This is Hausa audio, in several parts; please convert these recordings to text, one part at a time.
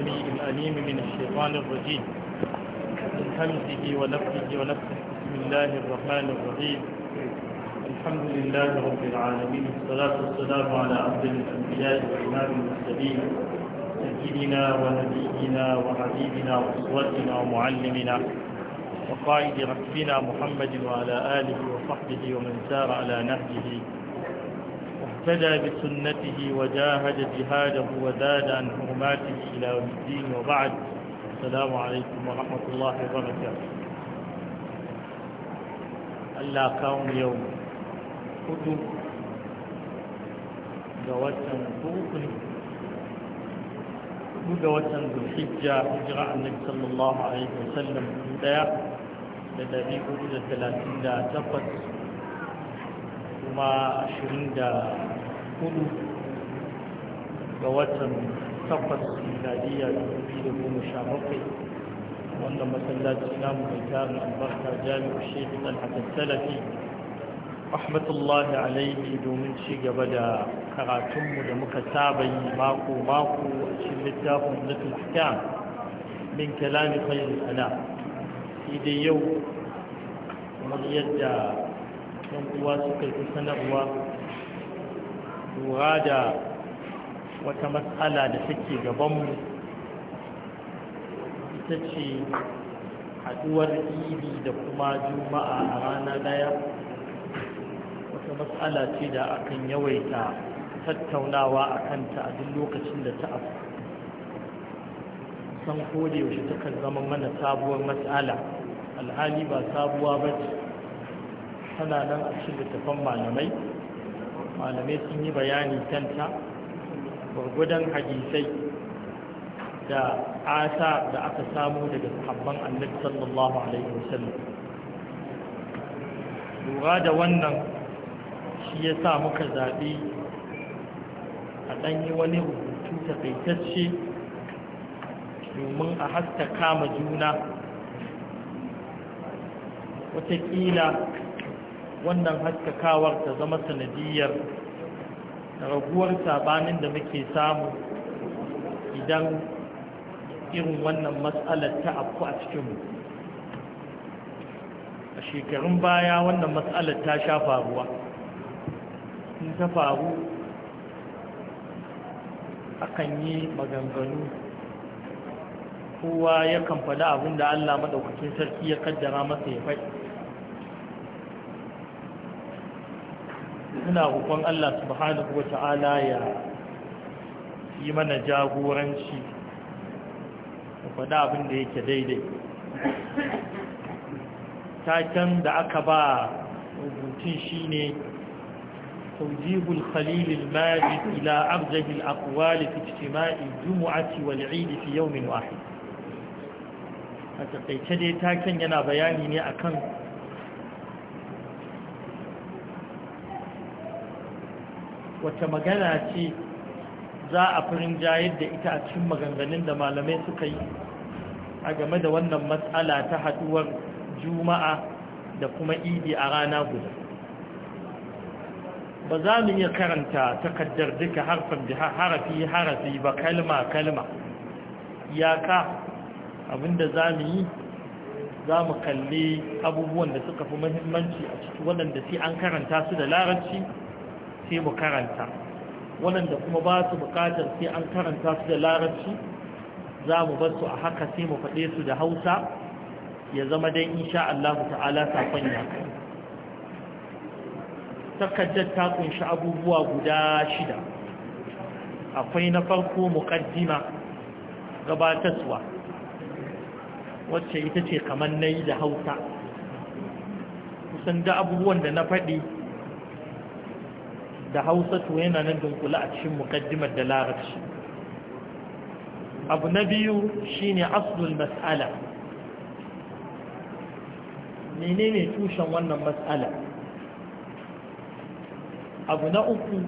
السميع الأليم من الشيطان الرجيم من همزه ونفسه ونفسه بسم الله الرحمن الرحيم الحمد لله رب العالمين الصلاة والسلام على عبد الأنبياء وإمام المرسلين سيدنا ونبينا وحبيبنا وأسوتنا ومعلمنا وقائد ركبنا محمد وعلى آله وصحبه ومن سار على نهجه واهتدى بسنته وجاهد جهاده وزاد عن حرماته إلى يوم الدين وبعد السلام عليكم ورحمة الله وبركاته ألا كون يوم خطب جواتاً فوقني جواتاً ذو الحجة هجرة النبي صلى الله عليه وسلم من لدبيب إلى ثلاثين لا kuma ashirin da hudu ga watan takwas miladiya da dubu da goma sha bakwai wannan masallaci namu mai tarin albarka jami'ar shehu dan rahmatullahi alaihi domin ci gaba da karatunmu da muka saba yi mako mako a cikin littafin nufin hikam min kalami khairu sana idan yau kamar yadda yan uwa suka yi sanarwa lura da wata matsala da take gabanmu ita ce haduwar idi da kuma juma'a a rana daya wata matsala ce da akan yawaita tattaunawa a kanta a duk lokacin da ta afu san kode yaushe kan zama mana sabuwar matsala alhali ba sabuwa ba ce tana nan a cikin littafan malamai malamai sun yi bayani kanta gwargwadon hadisai da asa da aka samu daga sahabban annabi sallallahu alaihi wasallam lura da wannan shi ya sa muka zaɓi a yi wani rubutu ta kaitacce domin a haska kama juna watakila wannan haskakawar ta zama sanadiyar raguwar sabanin da muke samu idan irin wannan matsalar ta afku a cikinmu a shekarun baya wannan matsalar ta sha faruwa in ta faru akan yi maganganu kowa ya kamfada abinda allah maɗaukacin sarki ya kaddara masa ya faɗi muna hukun Allah subhanahu wa ta'ala ya yi mana jagoranci mu faɗa abin da yake daidai taken da aka ba rubutun shine توجيه الخليل الماجد إلى أرجه الأقوال في اجتماع الجمعة والعيد في يوم واحد a takaice dai taken yana bayani ne akan wata magana ce za a firin jayar da ita a cikin maganganun da malamai suka yi a game da wannan matsala ta haduwar juma'a da kuma idi a rana guda ba za mu iya karanta takardar duka harfin da harafi harafi ba kalma kalma iyaka abinda za mu yi za mu kalli abubuwan da suka fi muhimmanci a ciki waɗanda sai an karanta su da larabci sai mu karanta waɗanda kuma ba su buƙatar sai an karanta su da larabci za mu bar su a haka sai mu faɗe su da hausa ya zama dai insha Allah ta'ala saƙon ya takaddar ta kunshi abubuwa guda shida akwai na farko muƙaddima gabatarwa wacce ita ce kamar na yi da hausa kusan da abubuwan da na faɗi da hausa yana nan dunkula a cikin mukaddimar da larabci abu na biyu shine aslul mas'ala menene tushen wannan mas'alar? abu na uku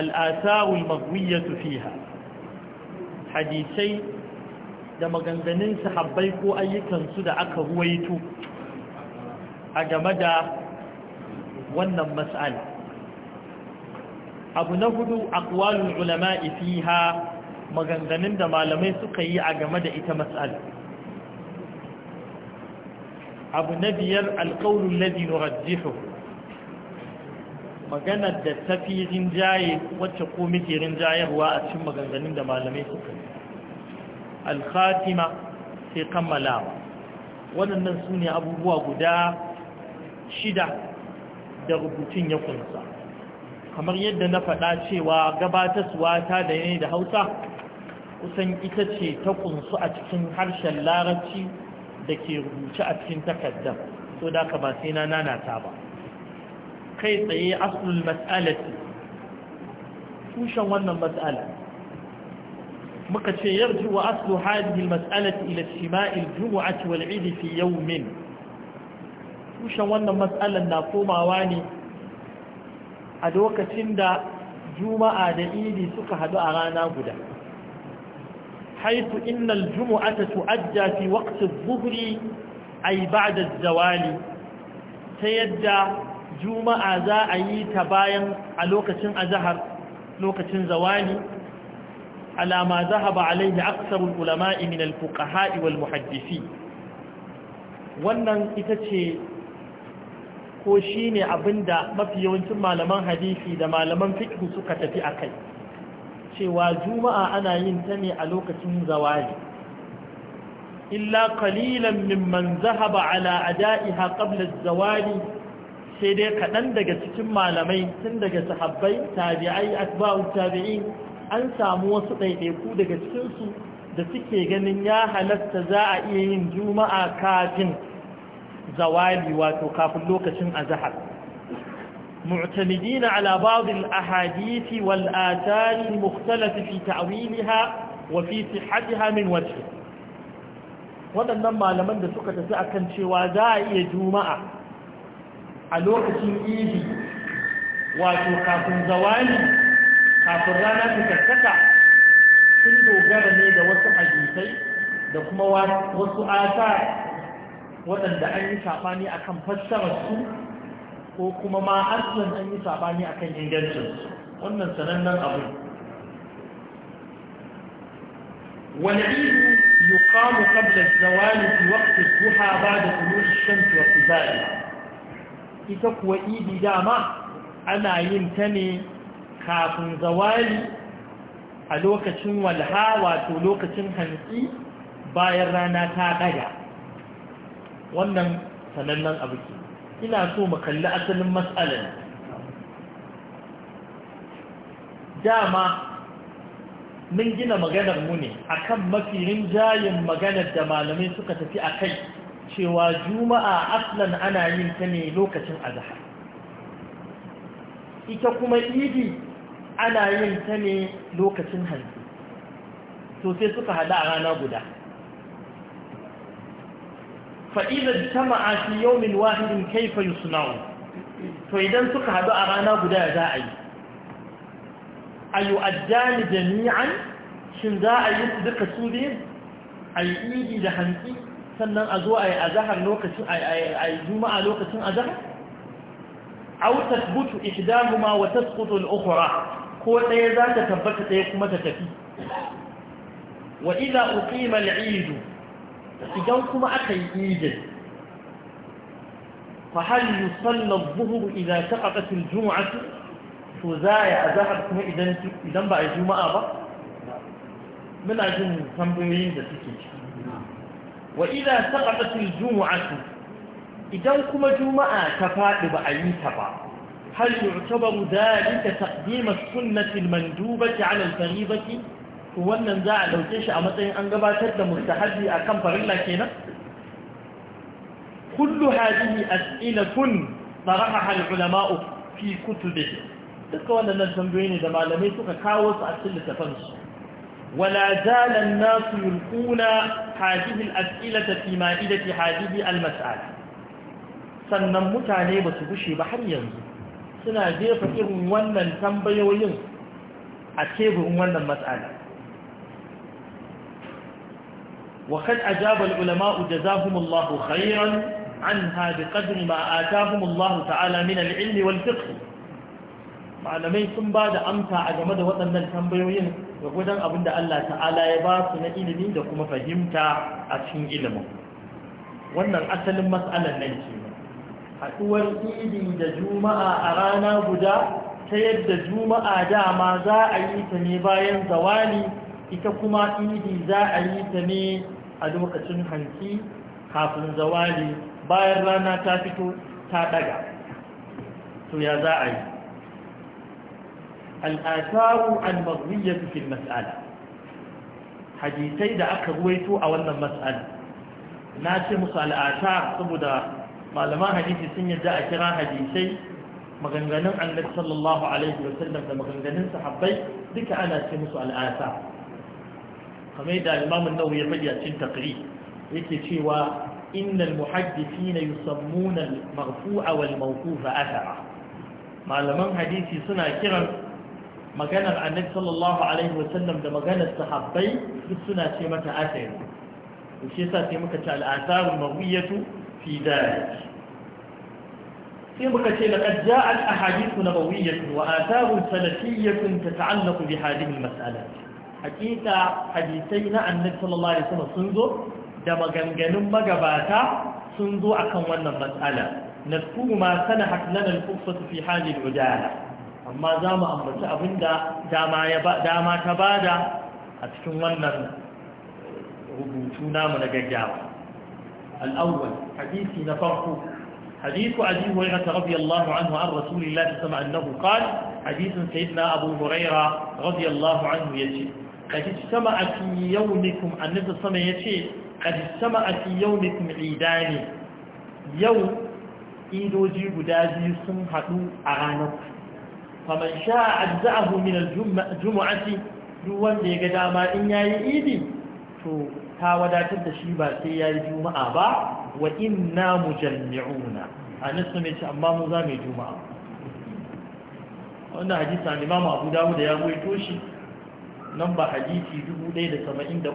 al'asawul su fiha hadisai da maganganun sahabbai ko ayyukansu da aka ruwaito a game da wannan mas'ala abu na hudu aqwalul ulama'i ha maganganun da malamai suka yi a game da ita mas'ala abu na biyar alqawlul ladhi nurajjihu maganar da fi rinjaye wacce ko muke rinjayarwa a cikin maganganun da malamai suka yi al sai kammalawa waɗannan su ne abubuwa guda shida da rubutun ya kunsa kamar yadda na faɗa cewa gabatarsuwa ta da ne da hausa kusan ita ce ta kunsu a cikin harshen larabci da ke rubuce a cikin takaddam so da ka ba sai na nanata ba kai tsaye asulul mas'alati tushen wannan mas'ala muka ce yarji wa aslu hadhihi almas'alati ila ijtima'i aljum'ati wal fi yawmin tushen wannan mas'alan na komawa ne a lokacin da juma'a da idi suka hadu a rana guda haitu innal jumu'ata tu'adda fi waqti buhri ai ay ba'da az-zawali ta yadda juma'a za a yi ta bayan a lokacin azhar lokacin zawali على ما ذهب عليه ulama العلماء من الفقهاء muhaddisi. wannan ita ce ko shi ne abin da mafi yawancin malaman hadisi da malaman fikin suka tafi a kai cewa juma'a ana yin ta ne a lokacin zawali illa kalilan mimman zahaba ala ada'iha qabla zawali sai dai kaɗan daga cikin malamai tun daga sahabbai tabi'ai atba'u tabi'in an samu wasu ɗaiɗaiku daga cikinsu da suke ganin ya halatta za a iya yin juma'a kafin zawali wato kafin lokacin azhar معتمدين على بعض الأحاديث والآثار المختلف في تعويلها وفي صحتها من وجه waɗannan malaman da suka tafi a kan cewa za a iya juma'a a lokacin idi wato kafin zawali kafin rana ta karkata sun dogara ne da wasu hadisai da kuma wasu asa waɗanda an yi saɓani a kan fassararsu ko kuma ma aslan an yi saɓani a kan ingancinsu wannan sanannen abu wani iri yi kamu kablar zawali fi wakti duha ba da kuloshi shamsu wa kuzari ita kuwa idi dama ana yin ta ne kafin zawali a lokacin walha wato lokacin hantsi bayan rana ta ɗaya. wannan sanannen abu ke ina so mu kalli asalin matsalar dama mun gina maganar mu ne akan mafi rinjayen maganar da malamai suka tafi a kai cewa juma'a aslan ana yin ta ne lokacin azahar ita kuma idi ana yin ta ne lokacin hanzu sosai suka hada a rana guda fa'ilar ta ma'ashi fi yaumin wahidin kaifa yusna'u to idan suka haɗu a rana guda za a yi a yi da jami'an shin za a yi duka su ne a yi idi da hantsi sannan a zo a yi azahar lokacin a yi juma'a lokacin azahar au tasbutu ihdahuma wa tasqutu ko ɗaya za ta tabbata ɗaya kuma ta tafi wa idza uqima al idan kuma aka yi idin fahal sallar zuhur idan saqatat juma'a jumah to zaya azhar kuma idan idan ba a juma'a ba muna jin tambayoyin da suke ciki wa idan saqatat juma'a jumah idan kuma juma'a ta faɗi ba a yi ta ba هل يعتبر ذلك تقديم السنة ta على الفريضة to wannan za a ɗauke shi a matsayin an gabatar da mustahabi a kan farilla kenan kullu hadihi as'ilatun baraha al-ulama'u fi kutubihi duka wannan tambayoyi ne da malamai suka kawo su a cikin littafansu ولا زال الناس يلقون هذه الأسئلة في مائدة al المسألة sannan mutane ba su gushe ba har yanzu suna jefa irin wannan tambayoyin a teburin wannan matsala وقد أجاب العلماء جزاهم الله خيرا عنها بقدر ما آتاهم الله تعالى من العلم malamai sun ba da amsa a game da waɗannan tambayoyin ga gudan abin da Allah ta'ala ya ba su na ilimi da kuma fahimta a cikin ilimin wannan asalin matsalar nan ce haɗuwar idi da juma'a a rana guda ta yadda juma'a dama za a yi ta ne bayan zawali ita kuma idi za a yi ta ne a lokacin hanki kafin zawali bayan rana ta fito ta daga to ya za a yi al'ataru an mazuyyar fil mas'ala hadisai da aka ruwaito a wannan mas'ala na ce musu al'ata saboda malaman hadisi sun yadda a kira hadisai maganganun annabi sallallahu alaihi wasallam da maganganun sahabbai duka ana ce musu al'ata kamar da imamun nawawi ya faɗi a cikin taqri yake cewa innal muhaddithina yusammuna al-marfu'a wal mawqufa athara malaman hadisi suna kiran maganar annabi sallallahu alaihi wa sallam da maganar sahabbai duk suna ce mata athari shi yasa sai muka ce al-atharu mawiyatu fi dalik sai muka ce laqad ja'a al-ahadithu nabawiyyatun wa atharu salafiyyatun tata'allaqu bi hadhihi al-mas'alat hakika hadisai na annabi sallallahu alaihi wasallam sun zo da maganganun magabata sun zo akan wannan matsala nadkuru ma sanahat lana al-quffatu fi hali al-udala amma za mu ambaci abinda dama ya ba dama ta bada a cikin wannan rubutu namu na gaggawa al-awwal hadisi na farko حديث أبي هريرة رضي الله عنه عن رسول الله صلى أنه قال حديث سيدنا أبو هريرة رضي الله عنه يجب kadi sama a fi yaunikum annabi sama ya ce kadi sama a fi yaunikum ne. yau idoji guda biyu sun haɗu a ranar faman sha azza'ahu juma'a ce, duk wanda ya ga dama in yayi idi to ta wadatar da shi ba sai yayi juma'a ba wa inna mujammi'una annabi sama ya ce amma mu za mu juma'a wannan hadisi an imamu abu da ya goyito shi namba hadisi 1,003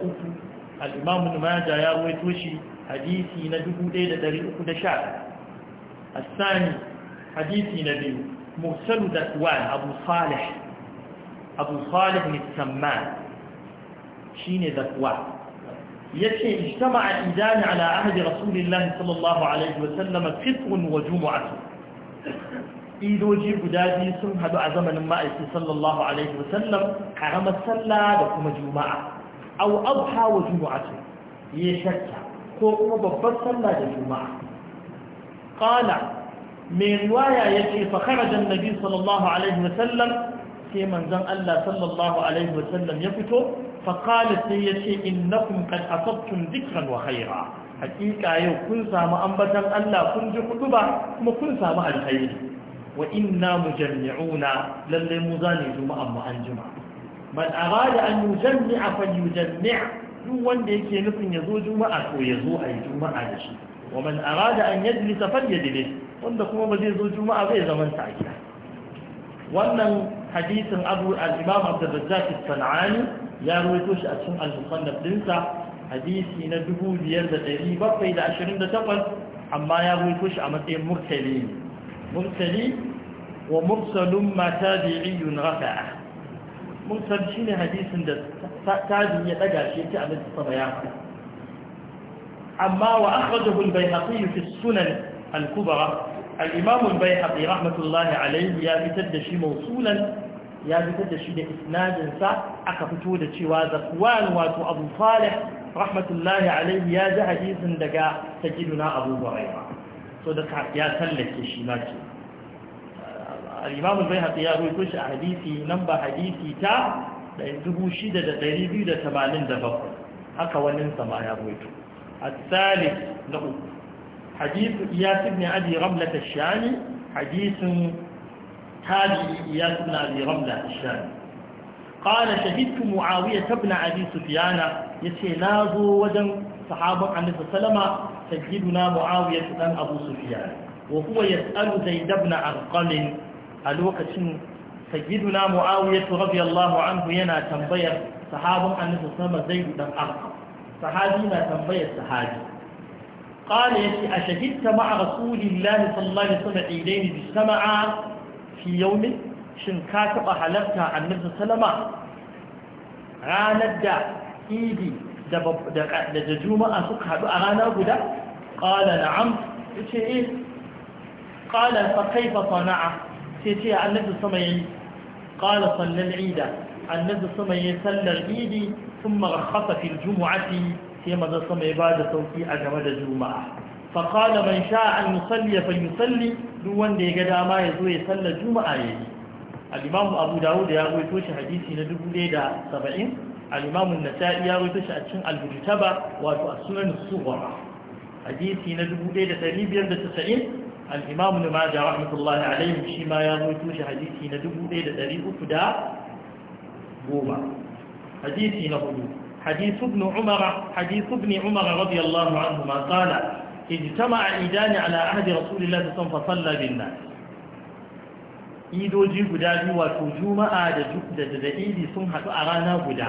al’imamun maja ya ruwa shi hadisi na 1,300 a sani hadisi na biyu mursalu da tuwan abu salih abu salih mitsamma shi ne da ya ce ijtama a idani ala ahadi rasulun lalata sallallahu alaihi wasallama fitun wa juma'a. idoji guda biyu sun hadu a zamanin ma'aiki sallallahu alaihi wasallam karamar sallah da kuma juma'a aw adha wa jumu'atu ya shakka ko kuma babbar sallah da juma'a qala me riwaya yace fa kharaja annabi sallallahu alaihi wasallam sai manzon Allah sallallahu alaihi wasallam ya fito fa qala sai yace innakum qad asabtum dhikran wa khaira hakika yau kun samu ambatan Allah kun ji kutuba kuma kun samu alkhairi wa inna mujammi'una lallai mu zane juma'an mu an juma man arada an yujammi'a fa yujammi' duk wanda yake nufin ya zo juma'a ko ya zo a yi juma'a da shi wa man arada an yajlisa fa yajlis wanda kuma ba zai zo juma'a zai zamanta ta gida wannan hadisin abu al-imam abdul razzaq sanani ya rawaito shi a cikin al-musannaf dinsa hadisi na 2728 amma ya rawaito shi a matsayin murtali مرسلي ومرسل ما تابعي رفعه مرسل شنو حديث تابعي يدقى شيء تعبد الصبيان أما وأخرجه البيهقي في السنن الكبرى الإمام البيهقي رحمة الله عليه يا بتدشي موصولا يا بتدشي لإسناد سا أكفتو دشي وازقوان واتو أبو صالح رحمة الله عليه يا ذا حديث دقى أبو هريرة so da ya tallake shi ma ce al'imamun bai haɗe ya roƙo shi a hadisi nan ba hadisi ta 6,287 haka wannan sama ya roƙo a tsali na uku hadisu iyas ibn abi ramla ta shani hadisun tabi iya ibn abi ramla ta shani قال شهدت معاوية ابن أبي سفيان يتي نازو وجن صحابة عن النبي صلى الله عليه وسلم سيدنا معاوية بن أبو سفيان وهو يسأل زيد بن عرقل الوقت سيدنا معاوية رضي الله عنه ينا تنبير صحابا أن تسمى زيد بن عرقل صحابي ما تنبير صحابي قال يشي أشهدت مع رسول الله صلى الله عليه وسلم عيدين بالسمع في يوم شنكاتب حلبتها عن نفس سلمة ranar da idi da juma'a suka haɗu a rana guda ƙala na'am ya ce eh ƙala fa kaifa sana'a ce annabi sama yayi ƙala sallar ida annabi sama yayi sallar idi sun marakhasa fil jumu'ati sai maza sama ya da sauki a game da juma'a fa ƙala man sha'a an ya fa yusalli duk wanda ya ga dama ya zo ya sallar juma'a yayi yi imamu abu dawud ya rawaito toshe hadisi na dubu saba'in al-imam an ya rawaito shi a cikin al wato as-sunan as-sughra hadisi na 1590 al-imam da rahmatullahi alayhi shi ma ya rawaito shi hadisi na 1310 hadisi na hudu حديث ابن عمر حديث ابن عمر رضي الله عنهما قال اجتمع عيدان على عهد رسول الله صلى idoji guda biyu wato juma'a da da idi sun haɗu a rana guda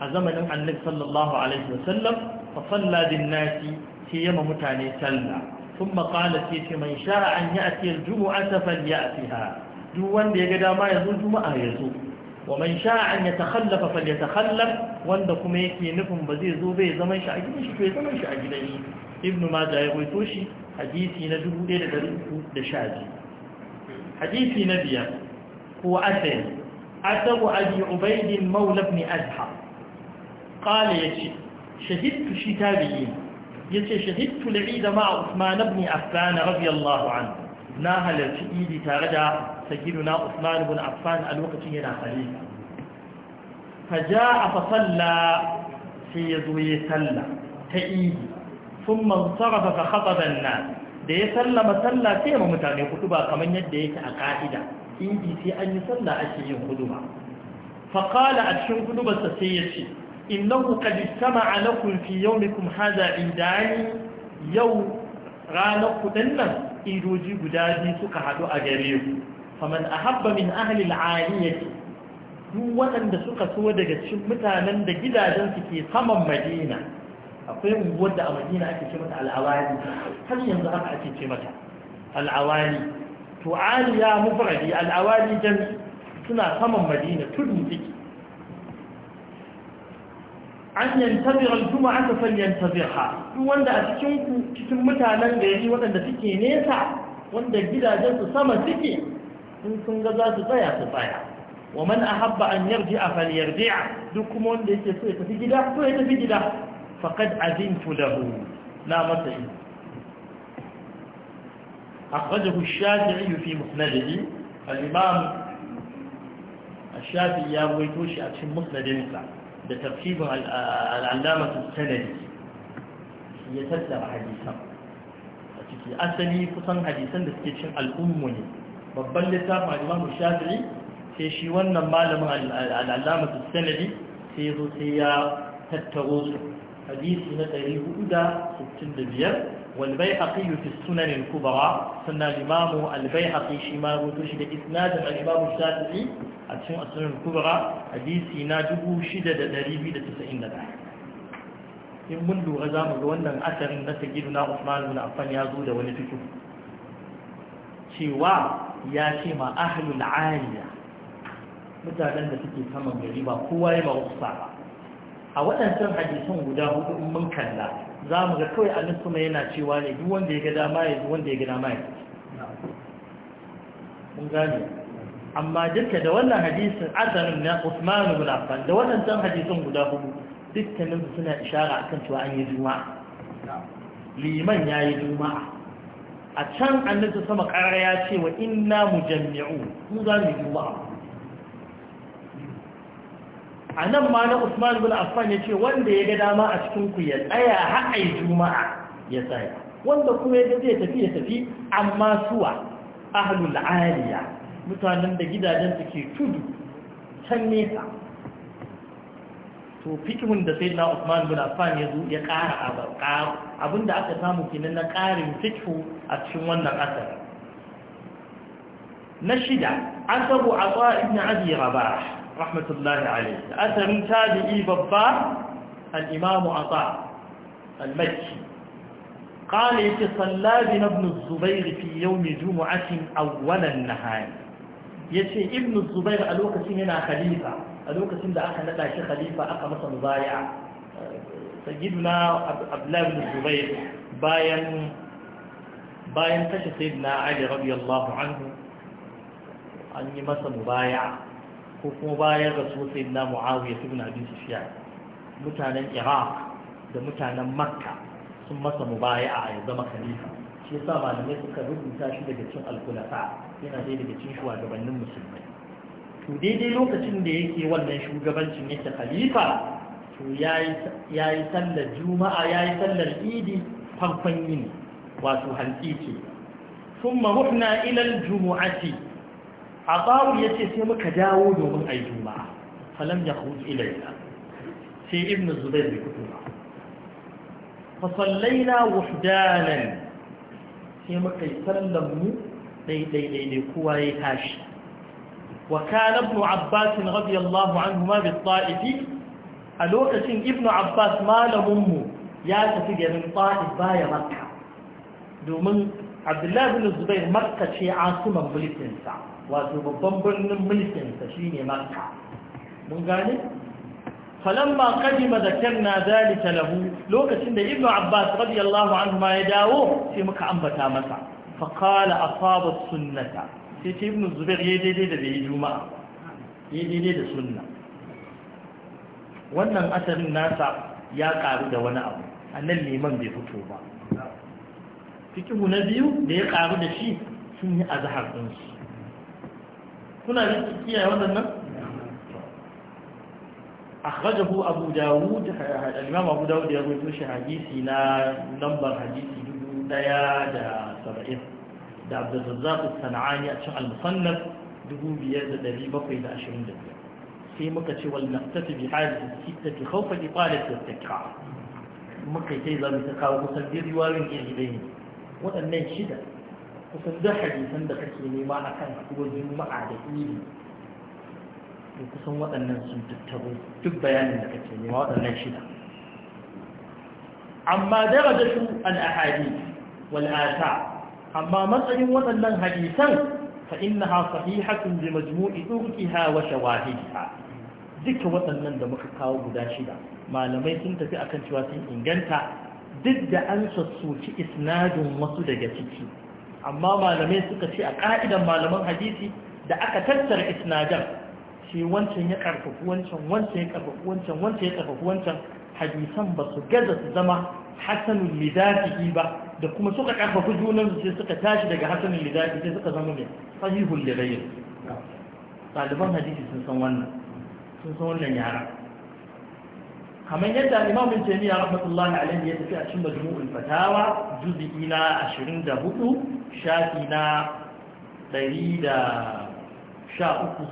a zamanin annabi sallallahu alaihi wasallam fa salla bin nasi sai yama mutane sallah thumma qala sai ce man sha'a an ya'ti al-jumu'ata falyatiha duk wanda ya ga dama ya zo juma'a ya zo wa man sha'a an yatakhallafa falyatakhallaf wanda kuma yake nufin ba zai zo bai zama shi a gidan shi to ya zama shi a gidan shi ibnu majah ya rawaito shi hadisi na 1312 hadisi na biyar ko asali أتوا أبي عبيد مولى بن أزحى kala ya ce shahidtu shi ta biyi ya ce shahidtu la'i da ma'a usman ibn affan radiyallahu an na halarci idi tare da sagidu na usman ibn affan a lokacin yana sare fa ja'a fa salla sai ya zo ya salla ta idi sun mansarafa ka khatada nan da ya sallama salla sai ma mutane hudu kamar yadda yake a ƙa'ida idi sai an yi sallah ake yin hudu ba a cikin hudubarsa sai ya ce innahu qad istama'a lakum fi yawmikum hadha indani yau ranar kudin nan idoji guda biyu suka hadu a gare ku faman ahabba min ahli al'aliyati duk waɗanda suka so daga cikin mutanen da gidajen su ke saman Madina akwai unguwar da a Madina ake ce mata al'awali har yanzu haka ake ce mata al'awali to aliya mufradi al'awali jami suna saman Madina tudu suke an yantabira aljuma'ata falyantabirha duk wanda a cikin ku cikin mutanen gari wadanda suke nesa wanda gidajen su sama suke sun sun ga za su tsaya su tsaya wa man ahabba an yarji'a falyarji'a duk kuma wanda yake so ya tafi gida so ya tafi gida faqad azintu lahu na masa yi أخرجه الشافعي في مسنده الإمام ya يروي توشي a cikin إنسان da tafsirin al'allamatu sanadi ya tattara hadisan a ciki asali kusan hadisan da suke cin al'ummu ne babban littafin al'imamu shafi'i sai shi wannan malamin al'allamatu sanadi sai zo sai ya tattaro su hadisi na 465 والبيحقي في السنن الكبرى سنة الإمام البيحقي شما وتشد إسناد الإمام الشافعي أتشم السنن الكبرى حديثي ناجب شدد دريبي لتسعين لها إن منذ غزام الوانا أثر نسجدنا عثمان بن عفان يازود ونفكه شوا يا شما أهل العالية mutanen da suke saman gari ba kowa ya ba wasu ba a waɗancan hadisan guda hudu in mun kalla za mu ga kawai annin kuma yana cewa ne duk wanda ya ga dama ya wanda ya ga dama ya mun gani amma duka da wannan hadisin azanin na Usman ibn Affan da waɗannan hadisin guda hudu dukkanin su suna ishara akan cewa an yi juma'a liman yayi juma'a a can annabi sama karara ya ce wa inna mujammi'u mu za mu juma'a a nan ma na usman bin affan ya ce wanda ya ga dama a cikin ku ya tsaya har juma'a ya tsaya wanda kuma ya zai tafi ya tafi amma suwa ahlul aliya mutanen da gidajen su ke tudu can nesa to fikimin da sai na usman bin affan ya zo ya ƙara abarka abinda aka samu kenan na ƙarin fikhu a cikin wannan asar na shida an asabu a ibn abi rabah رحمة الله عليه أثر تابعي ببا الإمام عطاء المجي قال يتصلى بن ابن الزبير في يوم جمعة أول النهار يتصلى ابن الزبير ألوك سننا خليفة ألوك سننا أخي نقاش خليفة أخي مثل ضايع سجدنا أبلا بن الزبير باين باين فشي سيدنا علي رضي الله عنه أني مثل مبايع ko kuma bayan rasu sosai na muawiya ibn abi sufyan mutanen iraq da mutanen makka sun masa mubaya a ya zama khalifa shi yasa malamai suka rubuta shi daga cin alkulafa yana dai daga cin shugabannin musulmai to daidai lokacin da yake wannan shugabancin yake khalifa to ya yi sallar juma'a ya yi sallar idi farkon yini wato hantsi ce sun mahuna ilal jumu'ati a babu ya ce sai muka dawo domin a yi juma'a falam ya hudu ilaina sai ibn zubair da kudu ba fasallaina wahdanan sai muka yi sallan mu ɗaiɗaiɗai ne kowa ya tashi وكان ابن عباس رضي الله عنهما بالطائف a lokacin ibn abbas malaminmu ya tafi garin ta'if baya makka domin abdullahi bin zubair makka ce asiman mulkinsa wato babban birnin mulkinsa shine makka mun gane falamma qadima zakarna zalika lahu lokacin da ibnu abbas radiyallahu anhu ma ya dawo sai muka ambata masa fa qala asaba sunnata sai ce ibnu zubair yayi daidai da bai juma'a yayi daidai da sunna wannan asarin nasa ya karu da wani abu annan liman bai fito ba fikihu na biyu da ya karu da shi sun yi azhar ɗinsu kuna yin kiyaye waɗannan akhrajahu abu dawud al-imam abu dawud ya rawaito shi hadisi na lambar hadisi 1070 da abdul razzaq as-sanani a cikin al-musannaf 2725 sai muka ce wal naqtati bi hadisi sittati khawfa iqalat at-takrar muka kai za mu ta kawo kusan riwayoyin iri ne. waɗannan shida kusan duk hadisan da kake nema a kan haɗuwar juma'a da iri to kusan waɗannan sun tattaro duk bayanin da kake nema waɗannan shida amma daraja su an ahadi wal ata amma matsayin waɗannan hadisan fa innaha sahihatun bi majmu'i turkiha wa shawahidiha duka waɗannan da muka kawo guda shida malamai sun tafi akan cewa sun inganta duk da an sassoci isnadin wasu daga ciki amma malamai suka ce a ƙa'idan malaman hadisi da aka tattara isnadan shi wancan ya karfafi wancan wancan ya karfafi wancan wancan ya karfafi wancan hadisan ba su gaza su zama hasanun Lidafi ba da kuma suka karfafi junan su sai suka tashi daga hasanun lidafi sai suka zama mai sahihul lirayin ɗaliban hadisi sun san wannan sun san wannan yara kamar yadda imamin jami'a rahmatullahi alaihi ya tafi a cikin majmu'ul fatawa juz'i na 24 shafi na 113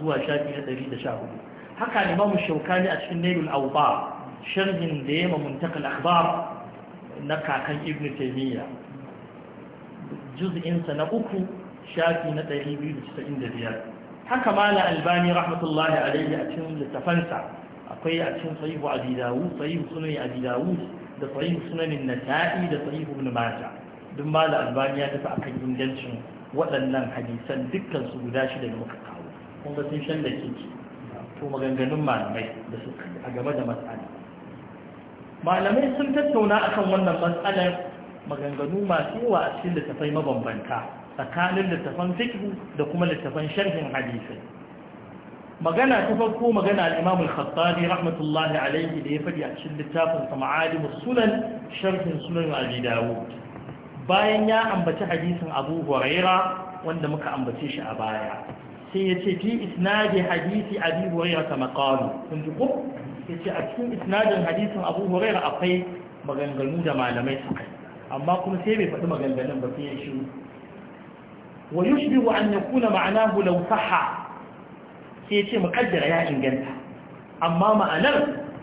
zuwa shafi na 114 haka limamu shaukani a cikin nailul auba sharhin da ya mamuntakal akhbar na kakan ibn taymiya juz'insa na uku shafi na 295 haka mala albani rahmatullahi alaihi a cikin littafansa akwai a cikin sahihu abi dawud sahihu sunan abi dawud da sahihu sunan nasa'i da sahihu ibn majah duk da albaniya ya tafi akan ingancin waɗannan hadisan dukkan su guda shida da muka kawo kun ga sun shan da ci to maganganun malamai da su a game da matsala malamai sun tattauna akan wannan matsalar maganganu masu yawa a cikin littafai mabambanta tsakanin littafan fikhu da kuma littafan sharhin hadisai magana ta farko magana al-Imam al-Khattabi rahmatullahi alayhi da ya fadi a cikin littafin sa Ma'alimus Sunan sharhin Sunan Abi Dawud bayan ya ambaci hadisin abu huraira wanda muka ambace shi a baya sai ya ce fi isnadi hadisi abu huraira ta makalu kun ji ko ya ce a cikin isnadin hadisin abu huraira akwai maganganu da malamai suka amma kuma sai bai faɗi maganganun ba sai ya shiru wa yushbihu an yakuna ma'anahu law sahha sai ya ce muqaddara ya inganta amma ma'anar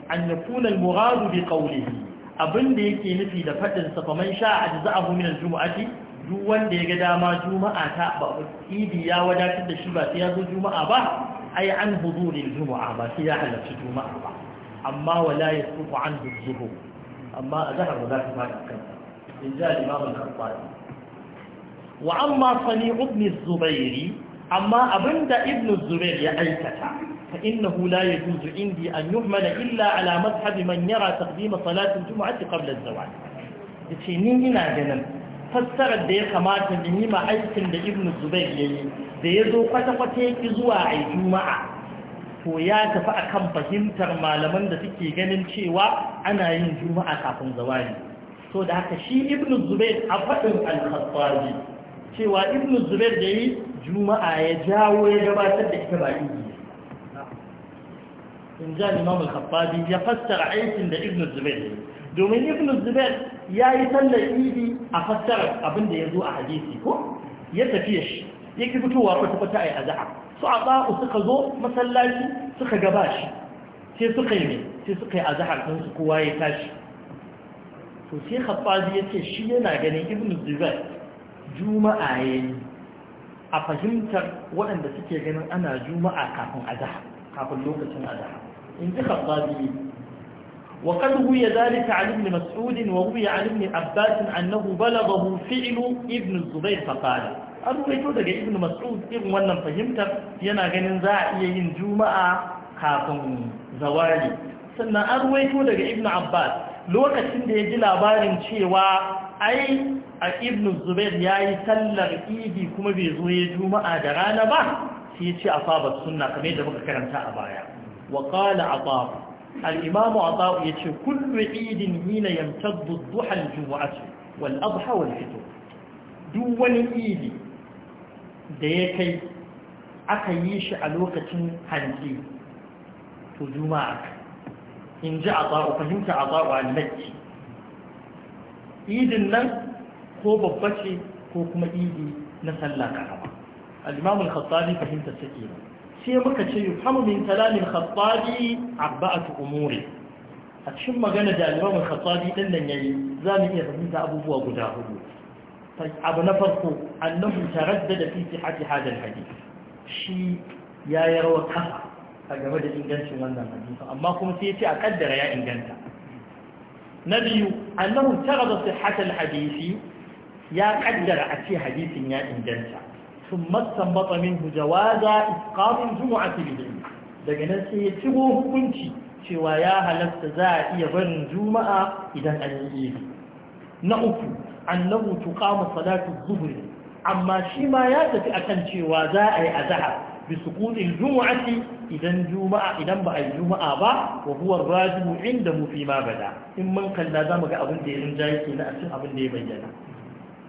an yakuna al-muradu bi qawlihi abin da yake nufi da faɗin sa faman sha a jaza a huminar juma'ati duk wanda ya ga dama juma'a ta ba idi ya wadatar da shi ba sai ya zo juma'a ba ai an huzurin juma'a ba sai ya halarci juma'a ba amma wala ya tsufa an zuhu amma a zahar ba za ta fada kansa in ji al'imamun karfari wa amma sani ibn zubairi amma abinda ibn zubair ya aikata Ka فإنه لا يجوز عندي أن يهمل إلا على مذهب من يرى تقديم صلاة الجمعة قبل الزواج yace ni ina ganin fassarar da ya kamata da yi ma aikin da ibnu zubair ya yi da ya zo kwata-kwata yake zuwa a juma'a to ya tafi akan fahimtar malaman da suke ganin cewa ana yin juma'a kafin zawali To da haka shi ibnu zubair a faɗin al cewa ibnu zubair da yi juma'a ya jawo ya gabatar da ita ba yi in ja imam al ya fassara aikin da ibn zubair domin ibn zubair ya yi sallar idi a fassara abin da ya zo a hadisi ko ya tafiya shi ya ki fitowa kwata-kwata a yi aza'a su a ba'u suka zo masallaci suka gaba shi sai suka yi ne sai suka yi azahar don su kowa ya tashi to sai khattabi ya ce shi yana ganin ibn zubair juma'a ya yi a fahimtar waɗanda suke ganin ana juma'a kafin azahar kafin lokacin azahar إن ذي خطابي وقد روي ذلك عن ابن مسعود وروي عن ابن عباس أنه بلغه فعل ابن الزبير فقال an ruwaito daga ibn mas'ud irin wannan fahimtar yana ganin za a iya yin juma'a kafin zawali sannan an ruwaito daga ibn abbas lokacin da ya ji labarin cewa ai a ibn zubair ya yi sallar idi kuma bai zo ya juma'a da rana ba sai ya ce a fabar sunna kamar yadda muka karanta a baya wa kala a ƙafa al’imamu ya ce kullu idin hina yanta dudu haljuwa a ce wal’ab hawan fito duk wani idi da ya kai aka yi shi a lokacin hanji to juma’a in ji a ƙafa a ƙafa a lalci idin nan ko babbace ko kuma idi na sallaka ba al’imamu al-khattari fahimta suke ba sai muka ce yufhamu min kalamin khattabi arba'atu umuri a cikin magana da al-imam khattabi din nan yayi zamu iya fahimta abubuwa guda hudu abu na farko annahu taraddada fi sihhati hadha al-hadith shi ya yi rawa kafa a game da ingancin wannan hadisi amma kuma sai ya ce a kaddara ya inganta na biyu annahu tarada sihhata al-hadisi ya kaddara a ce hadisin ya inganta ثم استنبط منه جواز إسقاط الجمعة بالعلم daga nan sai ya cigo hukunci cewa ya halatta za a iya barin juma'a idan an yi iri na uku annahu tuqamu salatu zuhri amma shi ma ya tafi akan cewa za a yi azhar bi suqutil jumu'ati idan juma'a idan ba a yi juma'a ba wa huwa rajihu inda mu fi ma bada in mun kalla zamu ga abin da ya rinjaye kenan a cikin abin da ya bayyana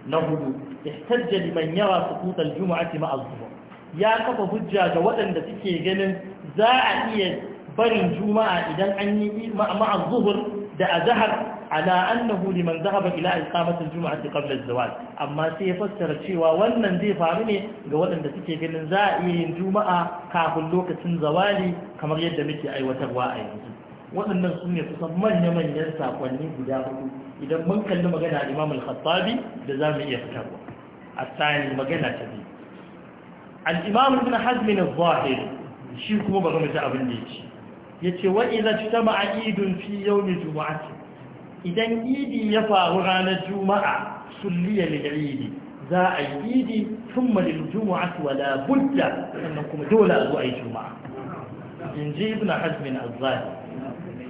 na hudu ihtajja liman yara sukut aljum'ati ma'a zuhur ya kafa hujja ga waɗanda suke ganin za'a iya barin juma'a idan an yi ma'a zuhur da azhar ala annahu liman dhahaba ila iqamati aljum'ati qabla azwaj amma sai ya fassara cewa wannan zai faru ne ga waɗanda suke ganin za a iya yin juma'a kafin lokacin zawali kamar yadda muke aiwatarwa a yanzu waɗannan su ne kusan manya-manyan sakonni guda hudu idan mun kalli magana imam al-khattabi da za mu iya fitarwa a tsani magana ta biyu al-imam ibn hazm min zahir shi kuma ba mu ta abin da yake yace wa idza tama idun fi yawm juma'a? idan idi ya faru ranar juma'a sulliya lil idi za a yi idi thumma lil juma'a wala budda sannan kuma dole a zo yi juma'a in ji ibn hazm al-zahir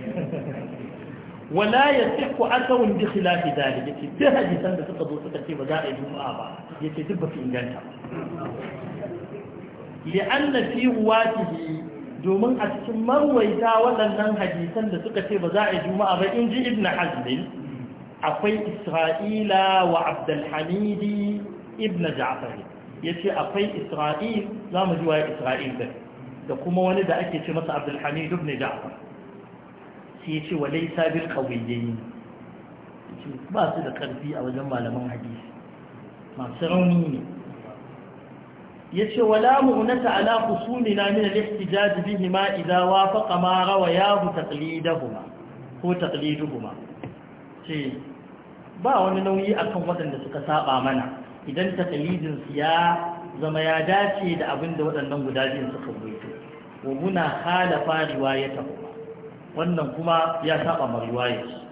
wala ya siku asawun bi khilafi zalika ce duk hadisan da suka zo suka ce ba za a yi juma'a ba ya ce duk ba su inganta li'anna fi ruwatihi domin a cikin marwaita waɗannan hadisan da suka ce ba za a yi juma'a ba in ji ibn hazmin akwai isra'ila wa abdulhamidi ibn ja'fari ya ce akwai isra'il za mu ji waye isra'il da kuma wani da ake ce masa abdulhamid ibn ja'fari sai ya ce wa laisa bil qawiyyin ba su da karfi a wajen malaman hadisi masu rauni ne ya ce wala mu'unata ala khusumina min al-ihtijaj ma idza wafaqa ma rawayahu taqliduhuma ko taqliduhuma ce ba wani nauyi akan waɗanda suka saba mana idan taqlidin su ya zama ya dace da abin da waɗannan guda biyun suka rubuto wa muna khalafa riwayatahuma wannan kuma ya saba ma riwayar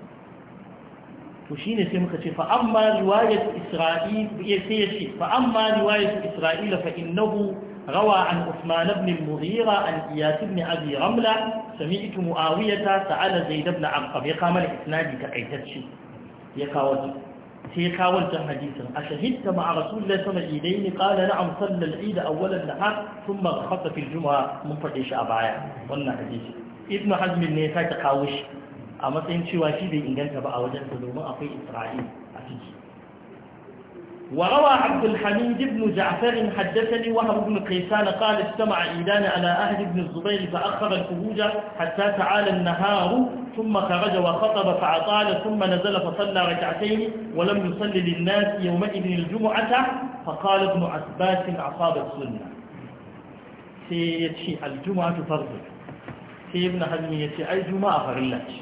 to shine sai muka ce fa fa'amma riwayar isra'ila sai ya ce fa'amma riwayar fa innahu rawa an usman ibn al mughira an iyas ibn abi ramla sami'tu mu'awiyata sa'ala zaid ibn aqab ya kama isnadi ka kaitacce ya kawo sai ya kawo wancan hadisin a shahidta ma rasulullahi sallallahu sama idaini qala na'am sallal eid awwalan nahar thumma khassa fil jumah mun fadi shi a baya wannan hadisi ibn hazmin ne ya sake kawo shi a matsayin cewa shi bai inganta ba a wajen sa domin akwai isra'il a ciki وروى عبد الحميد بن جعفر حدثني وهب بن قيسان قال استمع إيدان على أهل بن الزبير فأخر الخروج حتى تعالى النهار ثم خرج وخطب فأطال ثم نزل فصلى ركعتين ولم يصلي للناس يومئذ الجمعة فقال ابن عباس أصاب السنة سيدشي الجمعة فرضك sai ibn hazmi ya ce ai juma'a farilla ce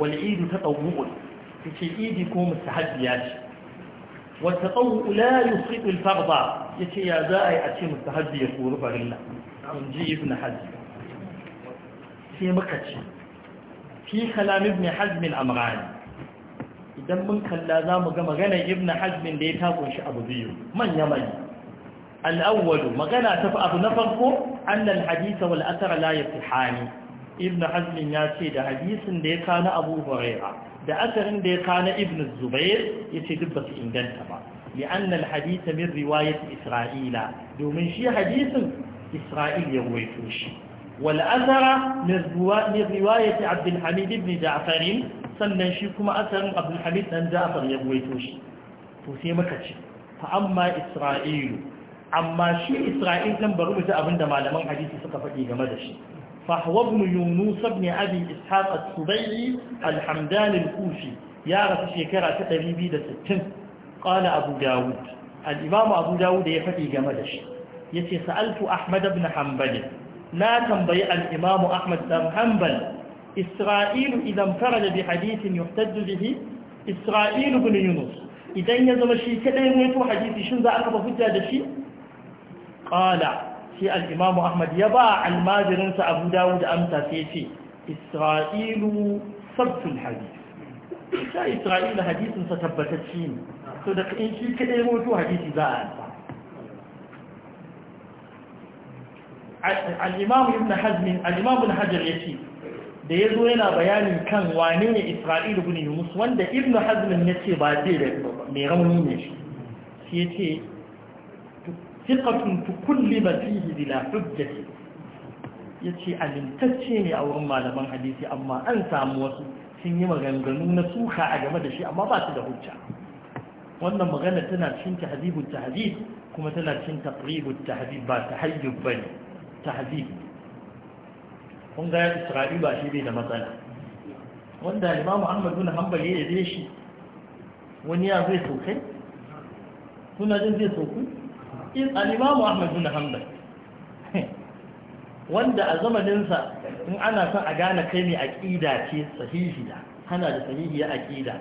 wal idu tatawwu ta ce idi ko Hajji ya ce wa tatawwu la yusibu al farda ya ce ya za a yi a ce Hajji ya kori farilla in ji ibn hazmi sai muka ce fi kalam ibn hazmi al amrani idan mun kalla za mu ga maganar ibn hazmin da ya takunshi abu biyu manya manya al’awwalu magana ta fi abu na farko annan hadisa wal asara layar fi hani ibn hazmin ya ce da hadisun da ya kana abu da asarin da ya kana ibn zubair ya ce duk ba su inganta ba li annan hadisa min riwayat isra'ila domin shi hadisun isra'il ya waito shi wal asara min riwayat abdulhamid ibn ja'farin sannan shi kuma asarin abdulhamid dan ja'far ya waito shi to sai muka ce fa amma isra'ilu amma shi isra'il zan bari mu ji abin da malaman hadisi suka faɗi game da shi fahwa ibn yunus ibn abi ishaq as-subayyi al-hamdan al-kufi ya rasu shekara ta 260 qala abu dawud al-imam abu dawud ya faɗi game da shi yace sa'altu ahmad ibn hanbal na tambayi al-imam ahmad ibn hanbal isra'il idan farada bi hadithin yuhtaddu bihi isra'il ibn yunus idan ya zama shi kadai ne to hadisi shin za aka kafa hujja da shi Ƙala sai al ahmad ya ba almajirin sa abu dawud amsa sai isra'ilu sabtul hadith ta isra'ilu hadisinsa tabbatacci ne to da in shi kadai roto hadisi za a alfa al'imamu ibn hajjmin hajjar ya ce da ya zo yana bayanin kan wane ne isra'ilu bin musu wanda ibn hajjmin ya ce ba zai da mai rauni ne shi ce ba تكلم فيه بلا Ya ce alintacce ne a wurin malaman hadisi amma an samu wasu sun yi maganganu na suka a game da shi amma ba su da hujja wannan magana tana cikin tahdhibut tahdhib kuma tana cikin taqribut tahdhib ba ta ba ne tahdhib kun ga Isra'ila ba shi bai da matsala wanda Imam Muhammadu na Hanbal ya yi shi wani ya zai sokai kuna jin zai soku al'imamu ahmad bin hanbal wanda a zamaninsa in ana son a gane kai mai aƙida ce sahihiya hana da sahihiya aƙida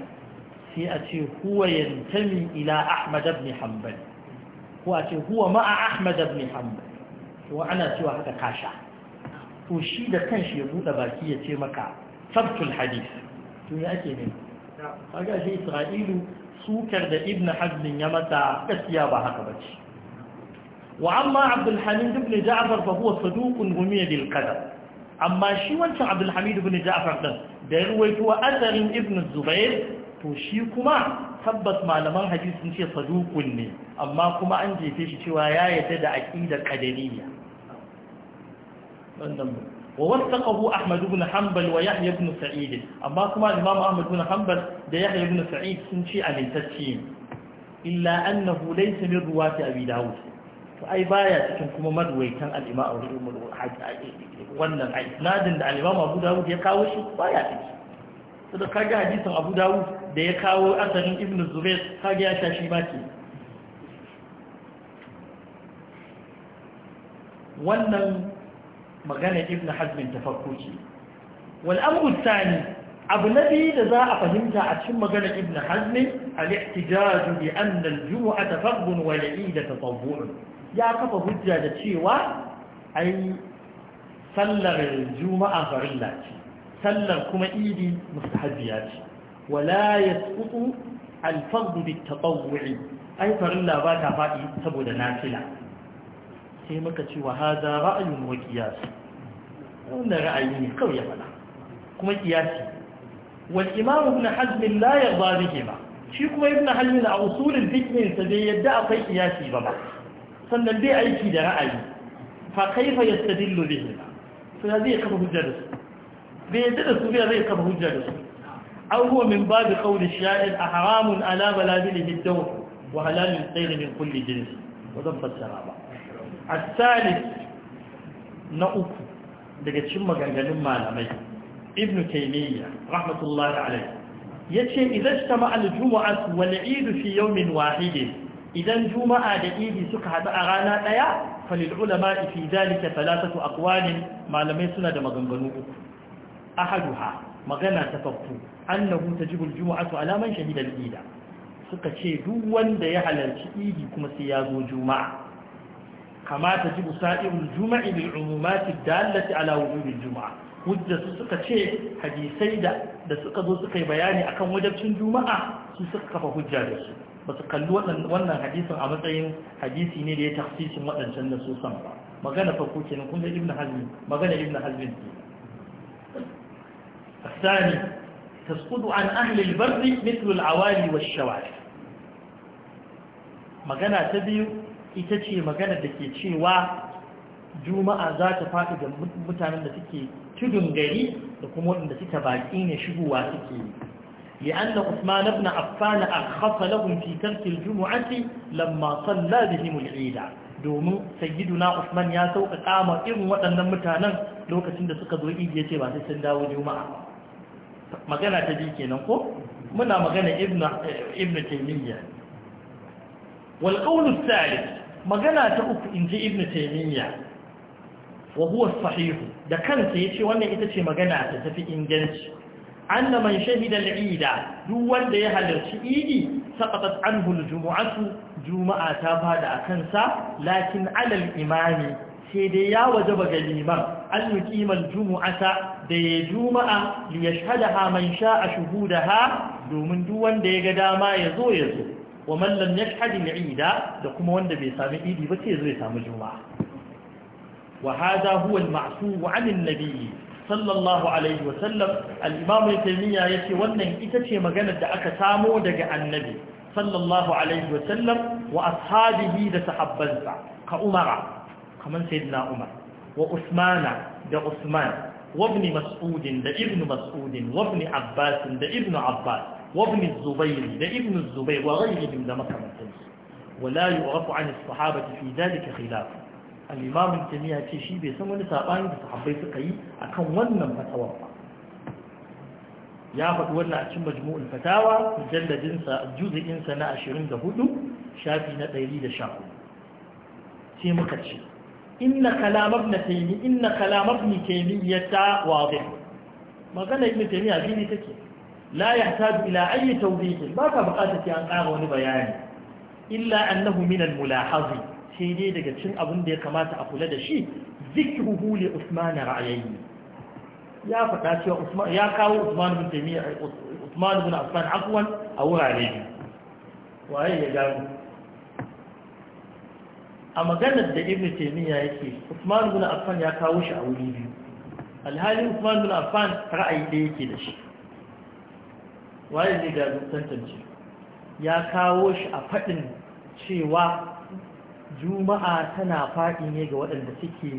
sai a ce huwa yantami ila ahmad ibn hanbal ko a ce huwa ma'a ahmad ibn hanbal ko ana cewa haka kasha to shi da kanshi ya bude baki ya ce maka sabtul hadith to ya ake ne kaga shi isra'ilu sukar da ibn hazm ya mata gaskiya ba haka bace وأما عبد الحميد بن جعفر فهو صدوق رمي للقدر أما شي وانت عبد الحميد بن جعفر ده ده يرويته أثر ابن الزبير توشي كما ثبت معلمان حديث نشي صدوق ني أما كما أنجي فيش شوايا يتدى أكيد قدرية ووثقه أحمد بن حنبل ويحيى بن سعيد أما كما الإمام أحمد بن حنبل ده يحيى بن سعيد سنشي عن التسكين إلا أنه ليس من رواة أبي داود to ai baya cikin kuma madwaitan al'ima a wurin wannan isnadin da al'imam abu dawud ya kawo shi baya ciki su da kaga hadisin abu dawud da ya kawo asalin ibn zubair kaga ya sha shi ma ke wannan magana ibn hazmin tafakko ce wal'amru sani abu na biyu da za a fahimta a cikin magana ibn hazmin al-ihtijaju bi anna al-jumu'a tafaqqun wa al-eid tatawwu'un ya kafa hujja da cewa ai sallar juma'a farilla ce sallar kuma idi mustahabbiya ce wala yasqutu al-fard bit-tatawwu'i ai farilla ba ta fadi saboda nafila sai muka ce wa hada ra'yun wa qiyas wannan ra'ayi ne kawai ya fada kuma qiyasi wal imam ibn hazm la yarda bihi ba shi kuma ibn hazm a usulul fiqh ne sai yadda akwai qiyasi ba ba sannan bai aiki da ra'ayi fa kaifa yastadillu bihi to ya zai kafa hujja da su bai yadda da su bai zai kafa hujja da su aw huwa min babi qawli sha'ir ahramun ala baladihi ad-dawr wa halalun sayr min kulli jins wa zan fassara ba الثالث نأكو daga cikin maganganun malamai ibn taymiya rahmatullahi alayhi yace idan tama al-jumu'ah wal 'id fi yawmin wahid idan juma'a da idi suka haɗu a rana ɗaya falil ulama fi zalika talatatu aqwalin malamai suna da maganganu uku ahaduha magana ta farko annahu tajibu aljum'atu ala man shahida ida suka ce duk wanda ya halarci idi kuma sai ya zo juma'a kama tajibu sa'irul juma'i bil umumat dallati ala wujubil juma'a wanda suka ce hadisai da da suka zo suka yi bayani akan wajibcin juma'a su suka kafa hujja da su ba su kalli wannan hadisin a matsayin hadisi ne da ya tafsisin waɗancan da su san ba magana farko kenan kun ga ibn hazmi magana ibn hazmi الثاني تسقط عن أهل Mitlul Awali, العوالي shawari. magana ta biyu ita ce magana da ke cewa juma'a za ta faɗi da mutanen da suke tudun gari da kuma waɗanda suka baƙi ne shigowa suke yi لأن عثمان بن عفان أرخص لهم في ترك الجمعة لما صلى بهم العيد domin sayyiduna Usman ya sauƙaƙa ma irin waɗannan mutanen lokacin da suka zo idi ce ba sai sun dawo juma'a magana ta ji kenan ko muna magana ibnu ibnu taymiya wal magana ta uku inji ibnu taymiya wa da kansa ce wannan ita ce magana da tafi inganci anna man shahida al duk wanda ya halarci idi saqatat anhu al-jumu'atu juma'a ta fada akan sa lakin alal imami sai dai ya wajaba ga liman an yuqima al-jumu'ata da ya juma'a li yashhadaha man sha'a shuhudaha domin duk wanda ya ga dama ya zo ya zo wa man lam yashhad al da kuma wanda bai sami idi ba sai zai samu juma'a wa hada huwa al-ma'fu 'an an sallallahu alaihi wasallam al'imamu taimiyya ya ce wannan ita ce maganar da aka samo daga annabi sallallahu alaihi wasallam wa ashabihi da sahabbansa ka umara kamar na umar wa usmana da usman wabni mas'udin da ibn mas'udin wabni abbasin da ibn abbas wabni zubair da ibn zubair wa ghayrihim da makamantansu ولا يعرف عن الصحابة da ذلك خلاف al'imamin jami'a ce shi bai san wani saɓani da sahabbai suka yi a kan wannan fatawar ba ya faɗi wannan a cikin majmu'ul fatawa mujalladinsa juzu'insa na 24 shafi na 114 sai muka ce inna kalam ibn taymi inna kalam ibn taymiyyah wadih magana ibn taymiyyah bi ne take la yahtaju ila ayi tawdih ba ka buƙatar sai an ƙara wani bayani illa annahu min al-mulahazi sai dai daga cin abin da ya kamata a kula da shi zikin li Usman ra'ayi ya faɗa cewa Usman ya kawo Usman bin Taymiya Usman bin Affan afwan a wurare waye ya gano a maganar da Ibn Taymiya yake Usman bin Afan ya kawo shi a wuri biyu alhali Usman bin Afan ra'ayi da yake da shi waye ya gano tantance ya kawo shi a faɗin cewa juma'a tana faɗi ne ga waɗanda suke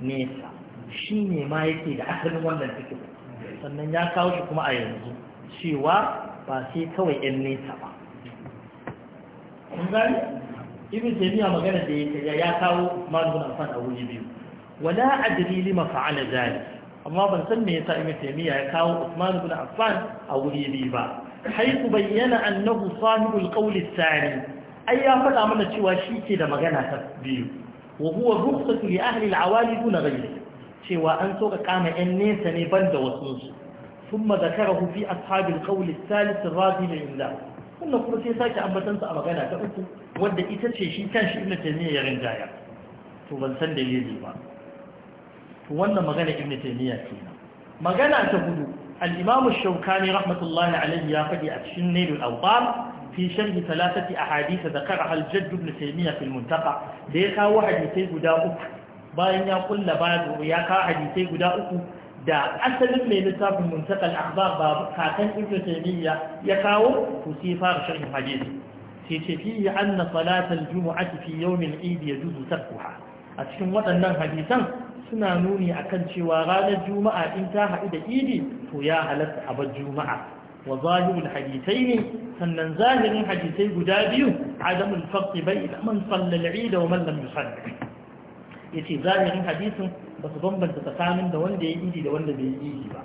nesa shi ne ma yake da asalin wannan fikir sannan ya kawo shi kuma a yanzu cewa ba sai kawai 'yan nesa ba kun gani ibn jami'a magana da ya ya kawo malumin amfani a wuri biyu wala adri lima fa'ala zalik amma ban san me yasa ibn taymiya ya kawo Usman ibn Affan a wuri biyu ba haythu bayyana annahu sahibul qawl ath ai ya faɗa mana cewa shi ke da magana ta biyu wa huwa rukhsatu li ahli a awali duna ghayri cewa an so ka kama yan nesa ne banda wasu su thumma zakarahu hufi a al-qawl al-thalith ar-radi lillah wannan kuma sai sake ambatan a magana ta uku Wadda ita ce shi shi ibnu taymiya ya rinjaya to ban san dalili ba to wannan magana ibnu taymiya kenan magana ta hudu al-imam shaukani rahmatullahi alaihi ya faɗi a cikin nailul awqam في شرح ثلاثة أحاديث ذكرها الجد بن تيمية في المنتقى ديكا وحديثي قداؤك باين يقول لبعض وياكا حديثي قداؤك دا أسل من لتاب المنتقى الأخبار باب كاكن ابن تيمية يكاو تسيفار شرح الحديث في فيه أن صلاة الجمعة في يوم العيد يجوز تركها أتكن وطنن حديثا suna nuni akan cewa ranar juma'a in ta haɗu da idi to ya halatta a bar juma'a وظاهر الحديثين فمن ظاهر الحديثين قدابي عدم الفرق بين من صلى العيد ومن لم يصلي يتي ظاهر الحديث بس ضمن تتكامل دون دي ايدي دون دي ايدي با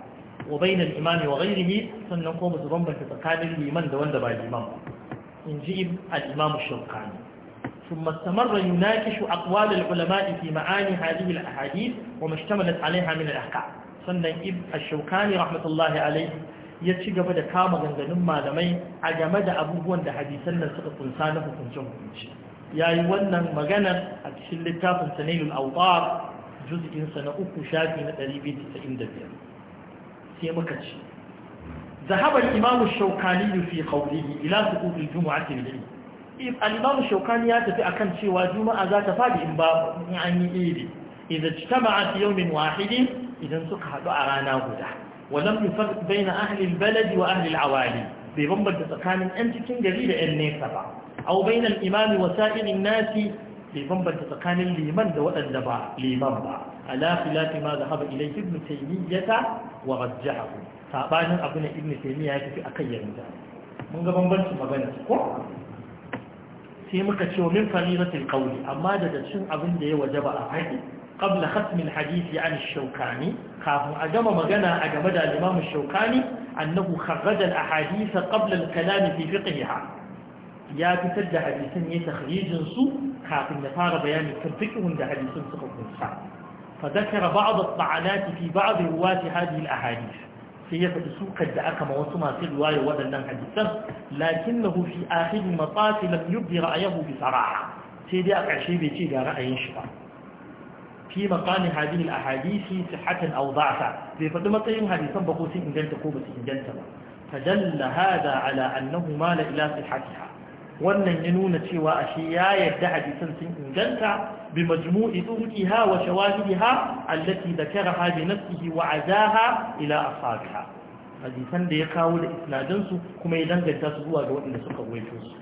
وبين الإمام وغيره سننقو بس ضمن تتكامل لمن دون دبا الإمام انجيب الإمام الشوقاني ثم استمر يناقش أقوال العلماء في معاني هذه الأحاديث وما اشتملت عليها من الأحكام سنن الشوكاني رحمة الله عليه ya ci gaba da kama ganganin malamai a game da abubuwan da hadisan nan suka kunsa na hukuncin hukunci ya yi wannan maganar a cikin littafin sanayin al'ubar juzikinsa na uku shafi na 295 sai muka ce zahabar imamu shaukani fi kaulihi ila su kudin juma'a ke da yi imamu shaukani ya tafi a kan cewa juma'a za ta fadi in ba in an yi iri idan ci ta ma'a yau min wahidi idan suka haɗu a rana guda ولم يفرق بين أهل البلد وأهل العوالي بيبنبت تقانن أنت تنجري لأن نيسبع أو بين الإمام وسائر الناس بيبنبت تقانن لمن دواء الدبع لمن بع على خلاف ما ذهب إليه ابن تيمية ورجحه sabanin abin da ibn taymiya ya tafi akan yanzu mun ga bambancin magana ko sai muka ce min faridatul qawli amma daga cikin abin da ya wajaba a haƙi قبل ختم الحديث عن الشوكاني قام أجمع مغنى أجمع الإمام الشوكاني أنه خرج الأحاديث قبل الكلام في فقهها يا تسد حديثا يتخريج سوء خافوا نفار بيان كالفقه عند حديث سقط نفسه فذكر بعض الطعنات في بعض رواة هذه الأحاديث سيئة قد الدعاك موسما في الرواية حديث حديثا لكنه في آخر المطاف لم يبدي رأيه بصراحة سيدي أقع شيء بيتي رأي شبه fi makani hadhihi al-ahadisi sihhatan aw da'fa bai faɗi matsayin hadisan ba ko sun inganta ko ba su inganta ba fadalla hada ala annahu mala ila sihhatiha wannan ya nuna cewa ashe ya yarda hadisan sun inganta bi majmu'i turqiha wa shawahidiha allati dhakaraha bi nafsihi wa azaha ila ashabiha hadisan da ya kawo da isnadan su kuma ya danganta su zuwa ga waɗanda suka ruwaito su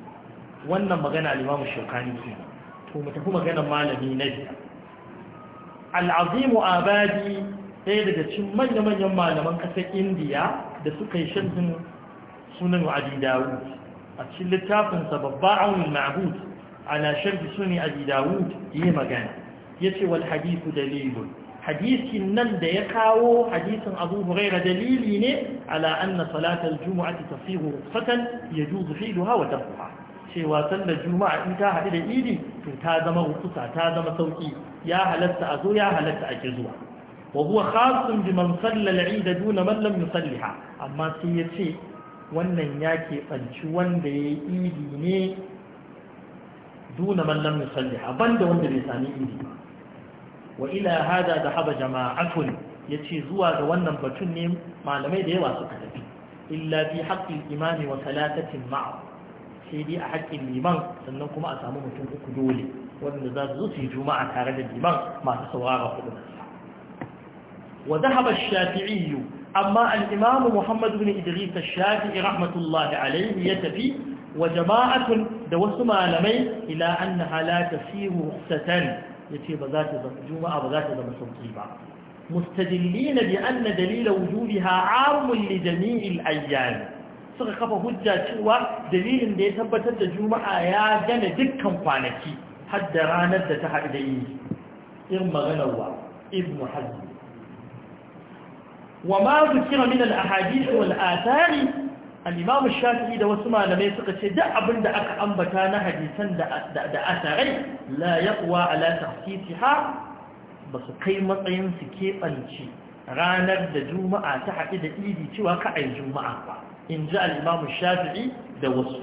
wannan magana al-Imam Shawkani ke to mu tafi maganar malami na biyu al'azimu abadi ɗaya daga cin manya-manyan malaman ƙasar indiya da suka yi shantin sunan abi a cikin littafinsa babba aunin ma'bud ala sharfi suni abi dawud yi magana ya ce wal hadisu dalilun hadisin nan da ya kawo hadisin abu huraira dalili ne ala na salatar juma'a ta tafihu ruksatan ya juzu filuha wa tafuha cewa sallar juma'a in ta haɗu da idi to ta zama rukusa ta zama sauki ya halatta a zo ya halatta a ke zuwa wa huwa khasun bi man salla duna man lam yusalliha amma sai ya ce wannan ya ke tsanci wanda ya yi idi ne duna man lam yusalliha banda wanda bai sami idi ba wa ila hada da haba jama'atun yace zuwa ga wannan batun ne malamai da yawa suka tafi illa fi haƙƙin al wa salatatin ma'a sai dai a haƙƙin liman sannan kuma a samu mutum uku dole wanda za su zo su yi juma'a tare da liman masu saurara kuɗin wa zahaba shafi'i amma al-imam Muhammad ibn Idris shafii rahmatullahi alayhi ya tafi wa jama'atun da wasu malamai ila annaha la tasihu rukhsatan yace ba za ta zama juma'a ba za ta zama sauki ba مستدلين بأن دليل وجوبها عام لجميع الأيام suka kafa hujja cewa dalilin da ya tabbatar da juma'a ya gane dukkan kwanaki har da ranar da ta haɗu da yi irin maganarwa ibn hajji wa ma zukira min al-ahadith wal shafi'i da wasu malamai suka ce duk abin da aka ambata na hadisan da da asarai la yaqwa ala tahsisiha ba su kai matsayin su keɓance ranar da juma'a ta haɗu da idi cewa ka juma'a ba in ji al'imamu shafi'i da wasu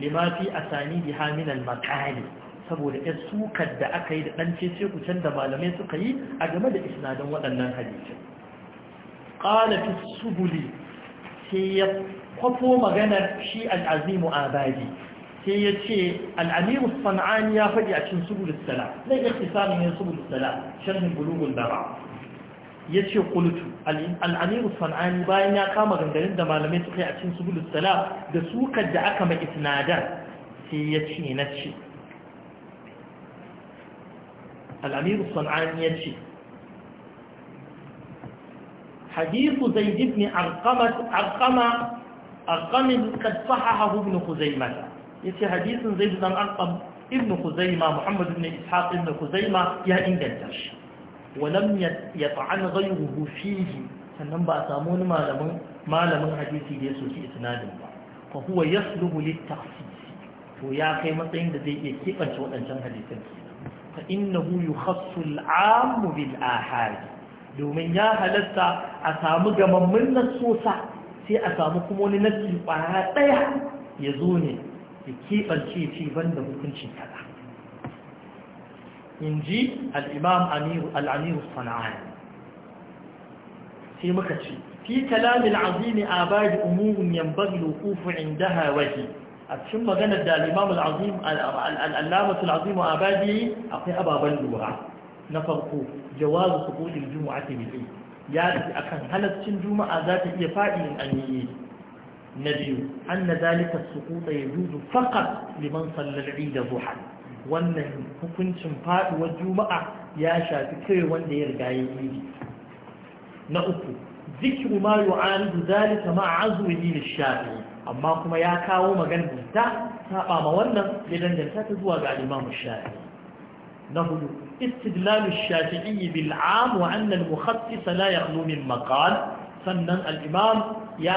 limafi a sani di haminan makali saboda ya sukar da aka yi da ɗan cece kucin da malamai suka yi a game da isnadin waɗannan hadisi ƙalafi subuli sai ya kwafo maganar shi al'azimu abadi sai ya ce al'amiru sana'ani ya faɗi a cin subulus na zai ga kisamin yin subulus sala sharhin bulugul bara ya ce kulutu al'amiru san'ani bayan ya kama gangarin da malamai suka yi a cin subulus salam da sukar da aka mai isnadar sai ya ce na ce al'amiru san'ani ya ce hadisu zai ibn arkama arkamin kad sahaha ibn huzaima ya ce hadithun zai ibn arkam ibn huzaima muhammadu ibn ishaq ibn huzaima ya inganta shi walam yata'an ghayruhu fihi sannan ba a samu wani malamin hadisi da ya soki isnadin ba Ka huwa yasluhu lit-takhsis to ya kai matsayin da zai iya kibance waɗancan hadisan fa innahu yukhassu al-'am bil ahad domin ya halarta a samu gamammin nasosa sai a samu kuma wani nasi kwaya ɗaya ya zo ne ya kibance ci banda hukuncin kaza in ji al'imam al'amiru sana'ani sai muka ce fi kalamin azimi a bari umurin yambar lokufu inda hawaji a cikin maganar da al'imam al'allamatul azimu a bari akwai ababen lura na farko jawazu su juma'a ta bil'i ya a kan halaccin juma'a za ta iya faɗi in an yi na biyu an na zalika su kuɗa ya faƙar liman sallar da zuhan wannan hukuncin faduwar juma'a ya shafi kai wanda ya riga ya yi na uku zikru ma yu'aridu zalika ma azwihi shafi. amma kuma ya kawo maganar ta saba ma wannan ya danganta ta zuwa ga imam shafi na hudu istidlalu shafi'i bil 'am wa anna al la yakhlu min maqal sannan al-imam ya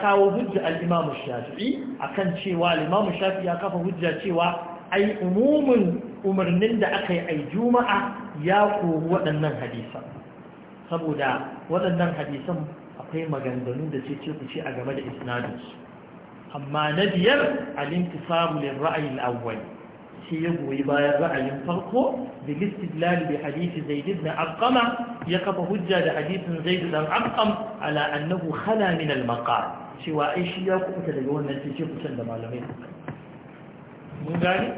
kawo hujja al-imam shafi'i akan cewa al-imam shafi'i ya kafa hujja cewa ai umumin umarnin da aka yi ai juma'a ya koru waɗannan hadisan saboda waɗannan hadisan akwai maganganu da ce ce kuce a game da isnadinsu amma na biyar alintisamu lil ra'ayin awwal sai ya goyi bayan ra'ayin farko da listidlal bi hadisi zaid ibn arqama ya kafa hujja da hadisin zaid ibn arqam ala annahu khala min al cewa ai shi ya kubuta daga wannan ce ce kucen da malamai mun gani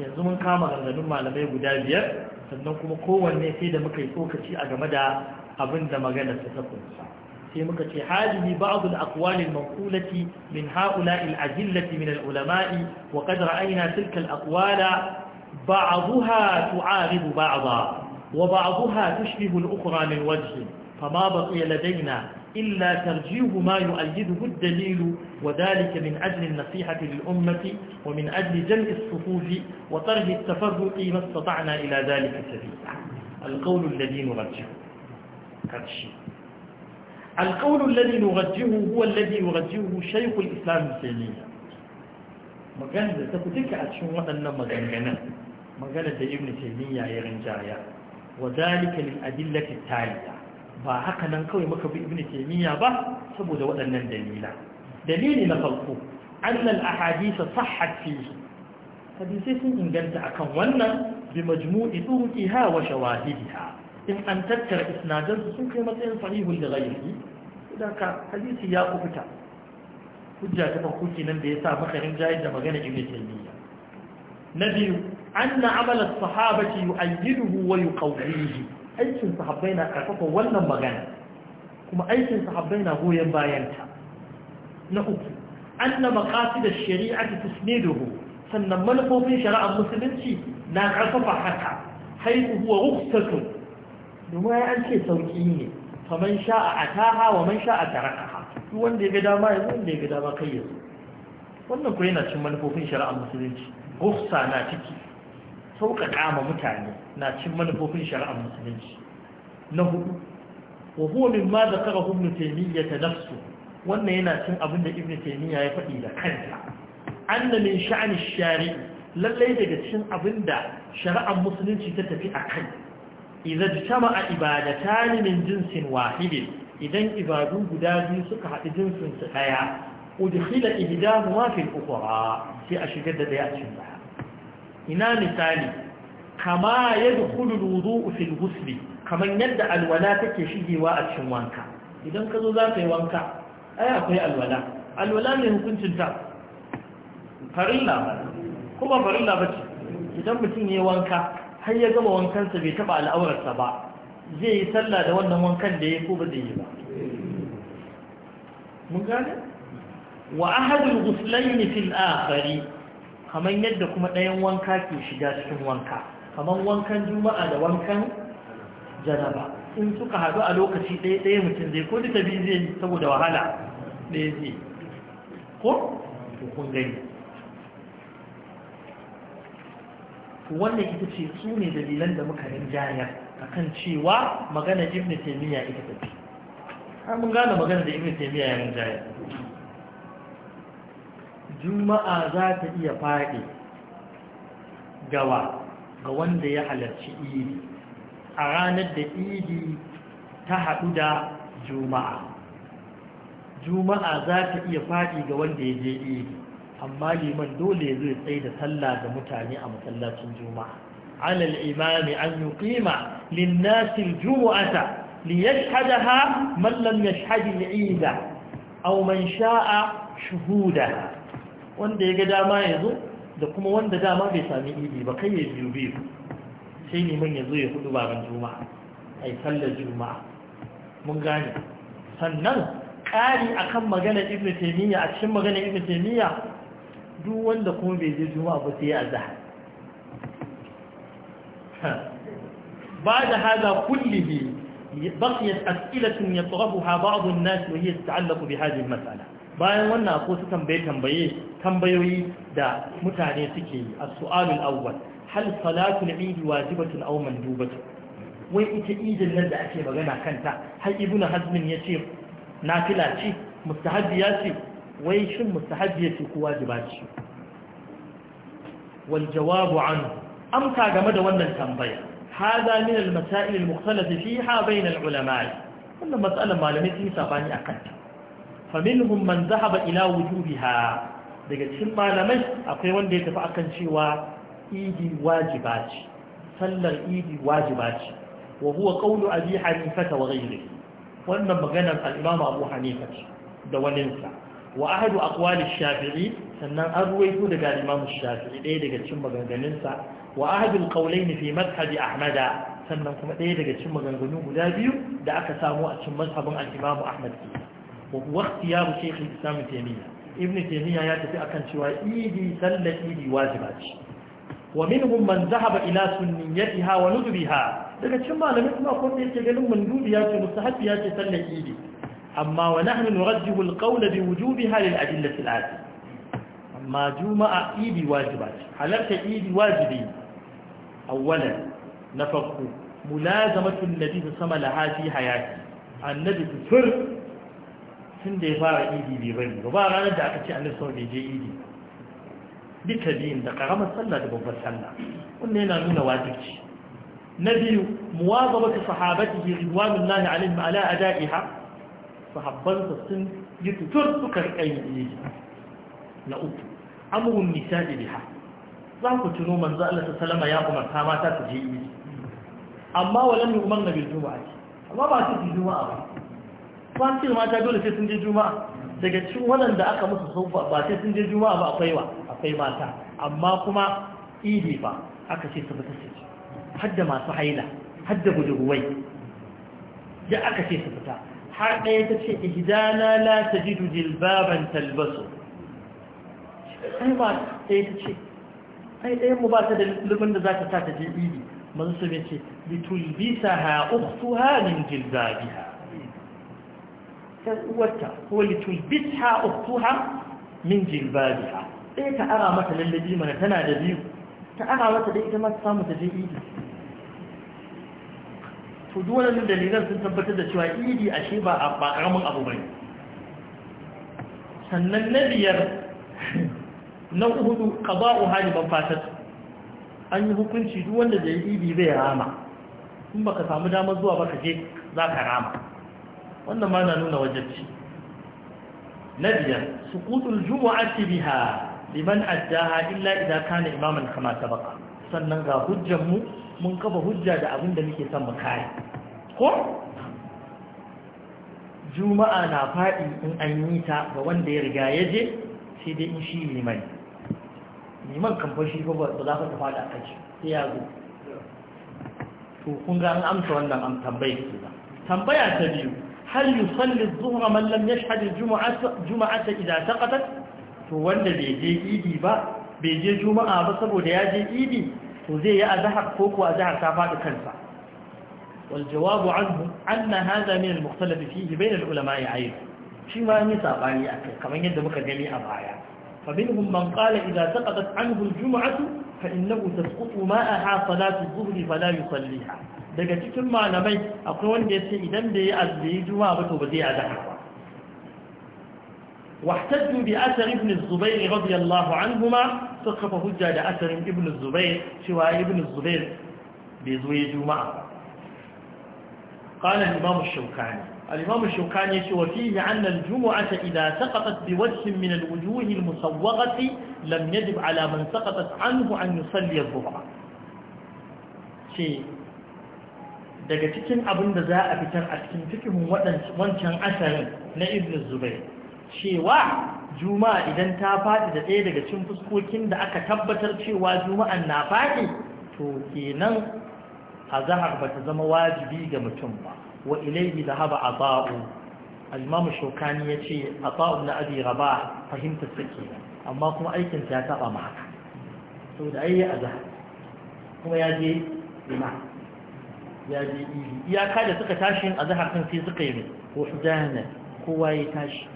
yanzu mun kama ganganun malamai guda biyar sannan kuma kowanne sai da muka yi tsokaci a game da abin da maganar ta takunsa sai muka ce hajji ba'd al-aqwal al-manqulati min ha'ula al-ajillati min al-ulama'i wa qad ra'ayna tilka al-aqwal ba'daha tu'aribu ba'dha wa ba'daha tushbihu al-ukhra min wajhin fama baqiya ladayna. إلا ترجيه ما يؤيده الدليل وذلك من أجل النصيحة للأمة ومن أجل جلء الصفوف وطرح التفرق ما استطعنا إلى ذلك سبيلا القول الذي نرجه الشيء القول الذي نرجه هو الذي يرجه شيخ الإسلام السيمية مجانا تكتك أتشون وأن مجانا مجانا ابن تيمية يرنجايا وذلك للأدلة التالية ba haka nan kawai muka bi ibn taymiya ba saboda waɗannan dalila dalili na farko annal ahadith sahhat fihi hadisi sun inganta akan wannan bi majmu'i hawa wa shawahidiha in an tattara isnadan sun kai matsayin sahihul da ghayrihi idan ka hadisi ya kubuta hujja ta farko kenan da yasa makarin jayin da magana ibn taymiya na biyu anna amala sahabati yu'ayyiduhu wa yuqawwihi aikin sahabbai na karfafa wannan magana kuma aikin sahabbai na goyon bayanta na uku anna maqasid ash-shari'ati tusniduhu sannan manufofin shari'ar musulunci na karfafa haka haihu huwa rukhsatu domin an ce sauki ne faman sha'a ataha wa man sha'a ha. duk wanda ya ga dama ya wanda ya ga dama kai ya zo. wannan ko yana cin manufofin shari'ar musulunci rukhsa na ciki sauƙaƙa ma mutane na cin manufofin shari'ar musulunci na hudu wa huwa mimma zakara ibn taymiyyah nafsu wannan yana cin abin da ibn taymiyyah ya faɗi da kansa anna min sha'ani shari'i lallai daga cikin abin da shari'ar musulunci ta tafi a kai idan jama'a ibadatan min jinsin wahid idan ibadu guda biyu suka haɗu jinsin su ɗaya udkhila ihdahu ma fil ukhra sai a shigar da daya a baya. ina misali kama kudu alwudu'u ufin ghusl kamar yadda alwala take shigewa a cikin wanka idan ka zo za ka yi wanka ai akwai alwala alwala ne hukuncin ta farilla kuma farilla ba ce? idan mutum ya wanka har ya gama wankansa bai taba al'aurarsa ba zai yi sallah da wannan wankan da ya ko ba zai yi ba mun gane wa ahadul ghuslayn fil akhari kamar yadda kuma ɗayan wanka ke shiga cikin wanka kamar wankan juma'a da wankan janaba in suka haɗu a lokaci ɗaya ɗaya mutum zai ko duka biyu zai saboda wahala ɗaya zai ko kun gani wannan ita ce su ne dalilan da muka jayar a kan cewa magana ibn taimiyya ita tafi har mun gane magana da ibn taimiyya ya jayar juma'a za ta iya faɗi gawa ga wanda ya halarci idi a ranar da idi ta haɗu da juma'a juma'a za ta iya faɗi ga wanda ya je idi amma liman dole zai tsaye da sallah ga mutane a masallacin juma'a alal imami an yi ƙima linnasin juma'ata liyashhadaha man lam yashhadi al'ida aw man sha'a shuhudaha wanda ya ga dama ya zo da kuma wanda dama bai sami idi ba kai ya biyu biyu sai neman ya zo ya hudu baban juma'a a yi sallar juma'a mun gane sannan ƙari a kan maganar ibn taimiyya a cikin maganar ibn taimiyya duk wanda kuma bai je juma'a ba sai ya zaha ba da haza ya kullihi بقيت أسئلة يطرحها بعض الناس وهي bi بهذه matsala. bayan wannan akwai su tambaye tambaye tambayoyi da mutane suke yi a sualul awwal hal salatul eid wajibatun aw mandubatun wai ita idin nan da ake magana kanta har ibnu hazmin yace nafila ce mustahabbiya ce wai shin mustahabbiya ce ko wajiba ce wal jawabu anhu amsa game da wannan tambaya hada min al-masail al-mukhtalaf fiha bain al-ulama wannan matsalar malamai sun sabani akan ta faminhum man zahaba ila wujubiha daga cikin malamai akwai wanda ya tafi akan cewa idi wajiba ce sallar idi wajiba ce wa huwa qawlu abi hanifa wa ghayrihi wannan maganar al-imam abu hanifa ce da waninsa wa ahadu aqwali shafi'i sannan an ruwaito daga imam shafi'i ɗaya daga cikin maganganunsa wa ahadu al-qawlayn fi madhhab sannan kuma ɗaya daga cikin maganganu guda biyu da aka samu a cikin mazhabin al-imam ahmad واختيار شيخ الإسلام ابن تيمية ابن تيمية يتفع كان شواء إيدي سلت إيدي واجبات ومنهم من ذهب إلى سنيتها وندبها لكن شما لم يسمع قلت لك يتجلون من دوبها كمستحب ياتي سلة إيدي أما ونحن نرجه القول بوجوبها للأدلة الآتي أما جمع إيدي واجبات حلفت إيدي واجبي أولا نفقه ملازمة النبي صلى الله عليه وسلم لها في حياتي النبي صلى الله عليه وسلم tun da ya fara idi bai bari ba ba ranar da aka ce annabi sau bai je idi duka biyun da karamar sallah da babbar sallah wanda yana nuna wajibci na biyu muwazabatu sahabatihi ridwanullahi alaihim ala adaiha sahabbansa sun yi tutur suka rika yin idi na uku amrun nisa'i biha za ku tuno manzo Allah salama ya kuma umarta mata su je idi amma walan yu'manna bil jumu'ati amma ba su juma'a ba fasir mata dole sai sun je juma'a daga cikin waɗanda aka musu sun ba sai sun je juma'a ba akwai wa akwai mata amma kuma idi ba aka ce su fita har hadda masu haila hadda gudurwai da aka ce su fita har ɗaya ta ce ihdana la tajidu jilbaban talbasu ai ba ɗaya ta ce ai ɗayan mu ba ta da lulubin da za ta sa ta je idi manzo ya ce litulbisa ha ukhtuha min jilbabiha uwarta ko litulbitha uktuha min jilbabiha sai ta ara mata lallabi mana tana da biyu ta ara mata da ita ma ta samu ta je idi to duk wannan dalilan sun tabbatar da cewa idi shi ba a ba abu bane sannan na biyar na hudu qada'u ban fatat an yi hukunci duk wanda da idi bai rama in baka samu damar zuwa ba ka je za ka rama wannan ma na nuna wajabci na biyar sukutul jumu'ati biha liman addaha illa idan kane imaman kama baka sannan ga hujjanmu mu mun kafa hujja da abin da muke son mu kare ko juma'a na faɗi in an yi ta ga wanda ya riga ya je sai dai in shi liman liman kamfan shi ba ba za ka ta faɗa a ci sai ya zo to kun ga an amsa wannan tambayar ke ba tambaya ta biyu هل يصلي الظهر من لم يشهد الجمعة جمعة إذا سقطت فوند بيجي إيدي با بيجي جمعة بصبو لياجي إيدي وزي أزهر فوق وأزهر تافات كنفة والجواب عنه أن هذا من المختلف فيه بين العلماء عيب شما نساباني أكل كما يندمك جميع بايا فمنهم من قال إذا سقطت عنه الجمعة فإنه تسقط ما أحا صلاة الظهر فلا يصليها daga cikin malamai akwai أقول ya ce idan da ya azumi juma واحتجوا بأثر ابن الزبير رضي الله عنهما سقف هجة لأثر ابن الزبير شواء ابن الزبير بزوي جمعة قال الإمام الشوكاني الإمام الشوكاني وفيه أن الجمعة إذا سقطت بوجه من الوجوه المسوغة لم يجب على من سقطت عنه أن يصلي الظهر شيء daga cikin abin da za a fitar a cikin cikin wancan asarin na ibn zubai cewa juma'a idan ta faɗi da ɗaya daga cikin fuskokin da aka tabbatar cewa juma'an na faɗi to kenan a zahar ba ta zama wajibi ga mutum ba wa ilaihi zahaba ata'u al-imam shaukani yace ata'u na abi rabah fahimta sake amma kuma aikin ta taba ma haka saboda ai a zahar kuma ya je ina ya je iyaka da suka tashi yin azhar kan sai suka yi ko hudana kowa ya tashi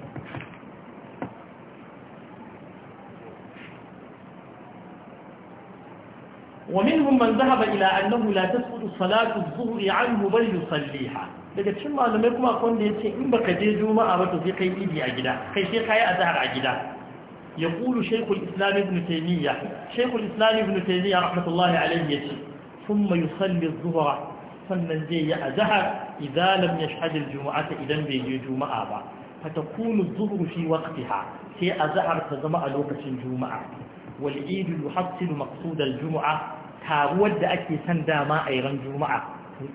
ومنهم من ذهب إلى أنه لا تسقط صلاة الظهر عنه بل يصليها daga cikin malamai kuma akwai wanda ya ce in baka je juma'a ba to sai kai idi a gida kai sai kai azhar a gida ya kulu shaykhul islam ibn taymiya shaykhul islam ibn taymiya rahmatullahi alayhi yace thumma yusalli adh-dhuhra sannan zai yi azhar idza lam yashhad al-jumu'ata idan bai je juma'a ba fa takunu adh-dhuhru fi waqtiha sai azhar ta zama a lokacin juma'a wal eid yuhassilu maqsud al-jumu'ah taruwar da ake san dama a yaran juma'a su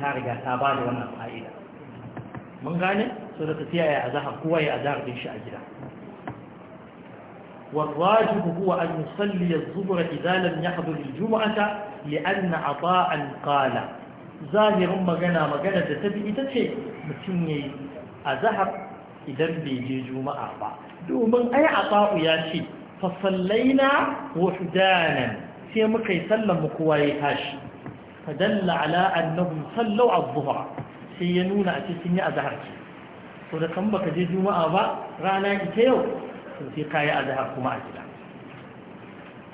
ta riga ta ba da wannan fa’ida mun gane su da tafiya ya azaha kowa ya azahar din shi a gida wanda ji hukuwa an musalli ya zubura izalin ya haɗu da juma'ata li'an na a ba'an kala zahirin magana magana da tafi ita ce mutum ya yi azahar idan bai je juma'a ba domin ai a ba'u ya ce fasallai na wasu danan sai muka yi sallan mu kowa ya tashi fadalla ala annahum sallau adh-dhuhra sai ya nuna a cikin ya azhar ce to da kan baka je juma'a ba rana ita yau to sai kai azhar kuma a gida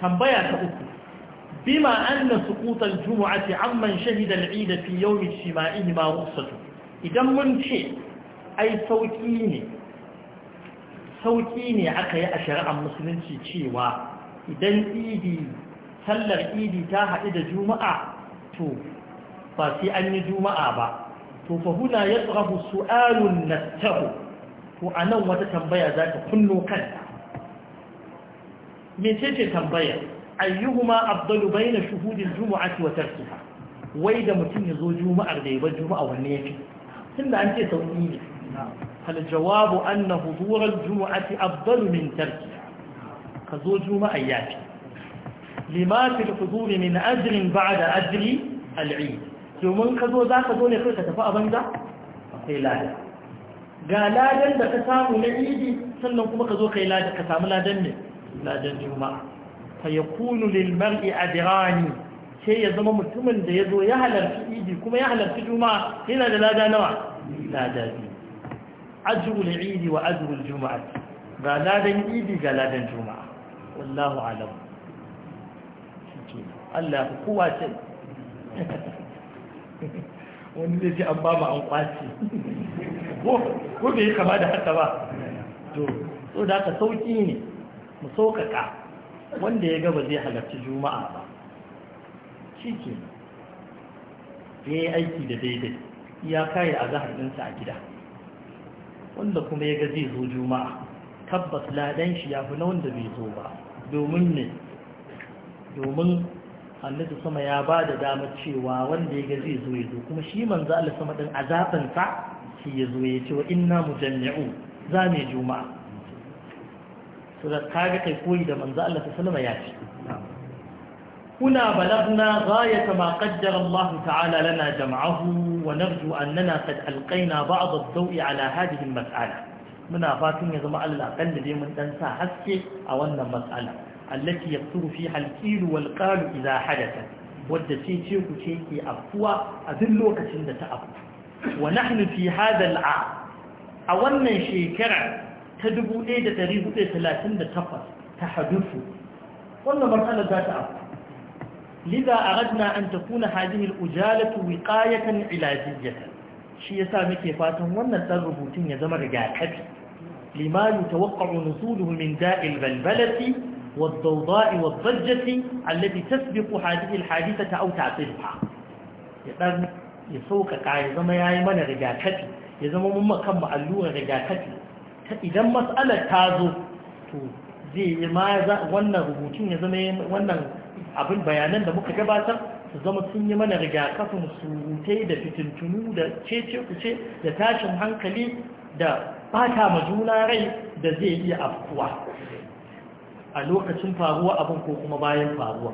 tambaya ta uku bima anna suqut al-jum'ati amman shahida al-eid fi yawm ijtima'ihi ma rukhsatu idan mun ce ai sauki ne sauki ne aka yi a shari'ar musulunci cewa idan idi sallar idi ta haɗu da juma'a to ba sai an yi juma'a ba to fa huna ya tsarahu su'alun nastahu to a nan wata tambaya za ta kunno kanta mece ce tambaya ayyuhuma afdalu bayna shuhudil jumu'ati wa tarkiha wai da mutum ya zo juma'ar da ya juma'a wanne yake tunda an ce sauki ne hal jawabu anna hudurar jumu'ati afdalu min tarkiha ka zo juma'a yafi lima fil huduri min ajrin ba'da ajri al'id domin ka zo za ka zo ne kai ka tafi a banza akwai lada ga ladan da ka samu na idi sannan kuma ka zo kai lada ka samu ladan ne ladan juma'a fa yakunu lil mar'i adrani sai ya zama mutumin da ya zo ya halarci idi kuma ya halarci juma'a yana da lada nawa lada biyu ajrul idi wa ajrul juma'a ga ladan idi ga ladan juma'a wallahu alam Allah ku kowa ce wani zai ce an ba mu an kwace ko bai yi kama da haka ba to so da ka sauki ne mu sauƙaƙa wanda ya gaba zai halarci juma'a ba shi ya yi aiki da daidai ya kare a zahar ɗinsa a gida wanda kuma ya ga zai zo juma'a tabbas ladan shi ya fi na wanda bai zo ba domin ne domin annabi sama ya ba da damar cewa wanda ya ga zai zo ya zo kuma shi manzo Allah sama din azaban sa shi ya zo ya ce wa inna mujammi'u za mu juma'a to da kaga kai koyi da manzo Allah sallama ya ce kuna balagna ghayata ma qaddara Allah ta'ala lana jam'ahu wa narju annana qad alqaina ba'd ad-daw'i ala hadhihi al-mas'ala muna fatan ya zama Allah kan da mun dan sa haske a wannan mas'ala التي يقتر فيها الكيل والقال إذا حدث والدسيتي تيكي أفوى أذلو كتندة أفوى ونحن في هذا العام أولا شيكرا تدبو إيدة تريبو إيدة ثلاثين تفر تحدثوا قلنا مرحلة ذات أفوى لذا أردنا أن تكون هذه الأجالة وقاية علاجية شيء سامك فاتهم وأن الربوتين يزمر جاكت لما يتوقع نصوله من داء البلبلة والضوضاء والضجة التي تسبق هذه الحادثة أو تعطيبها يقول يسوك قاعد زما ياي من رجاكتي ya zama mun makan ma'allurar rigakafi idan mas'alar ta zo to zai yi ma wannan rubutun ya zama wannan abin bayanan da muka gabatar su zama sun yi mana rigakafin surutai da fitintunu da cece-kuce da tashin hankali da bata ma juna rai da zai iya afkuwa a lokacin faruwa abin ko kuma bayan faruwa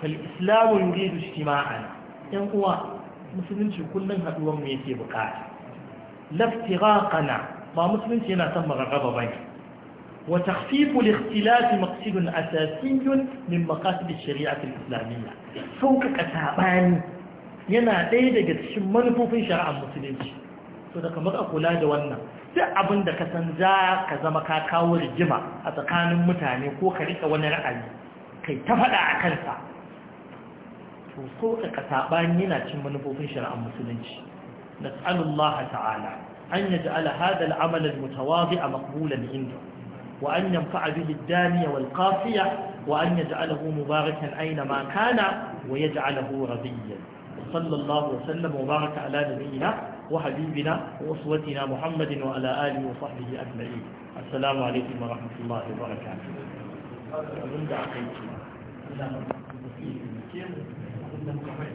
fal islamu yuridu ijtima'an yan uwa musulunci kullun haɗuwar mu yake bukata laftiraqana ba musulunci yana son magaraba bane wa takhfifu al-ikhtilaf maqsidun asasiyyun min maqasid ash-shari'ah al-islamiyyah sauka kasabani yana ɗaya daga cikin manufofin shari'ar musulunci to da kamar a kula da wannan duk abin da ka san za ka zama ka kawo rijima a tsakanin mutane ko ka rika wani ra'ayi kai ta faɗa a kansa to so ka ka yana cin manufofin shari'ar musulunci na tsanullah ta'ala an yaji alhada al'amalin mutawazi a makbulan indo wa an yan fa abi lidaniya wal wa an yaji alhu mubarakan aina ma kana wa yaji alhu rabiyya sallallahu wasallam mubaraka ala nabiyina وحبيبنا وأسوتنا محمد وعلى آله وصحبه أجمعين السلام عليكم ورحمة الله وبركاته أبن دعقيتنا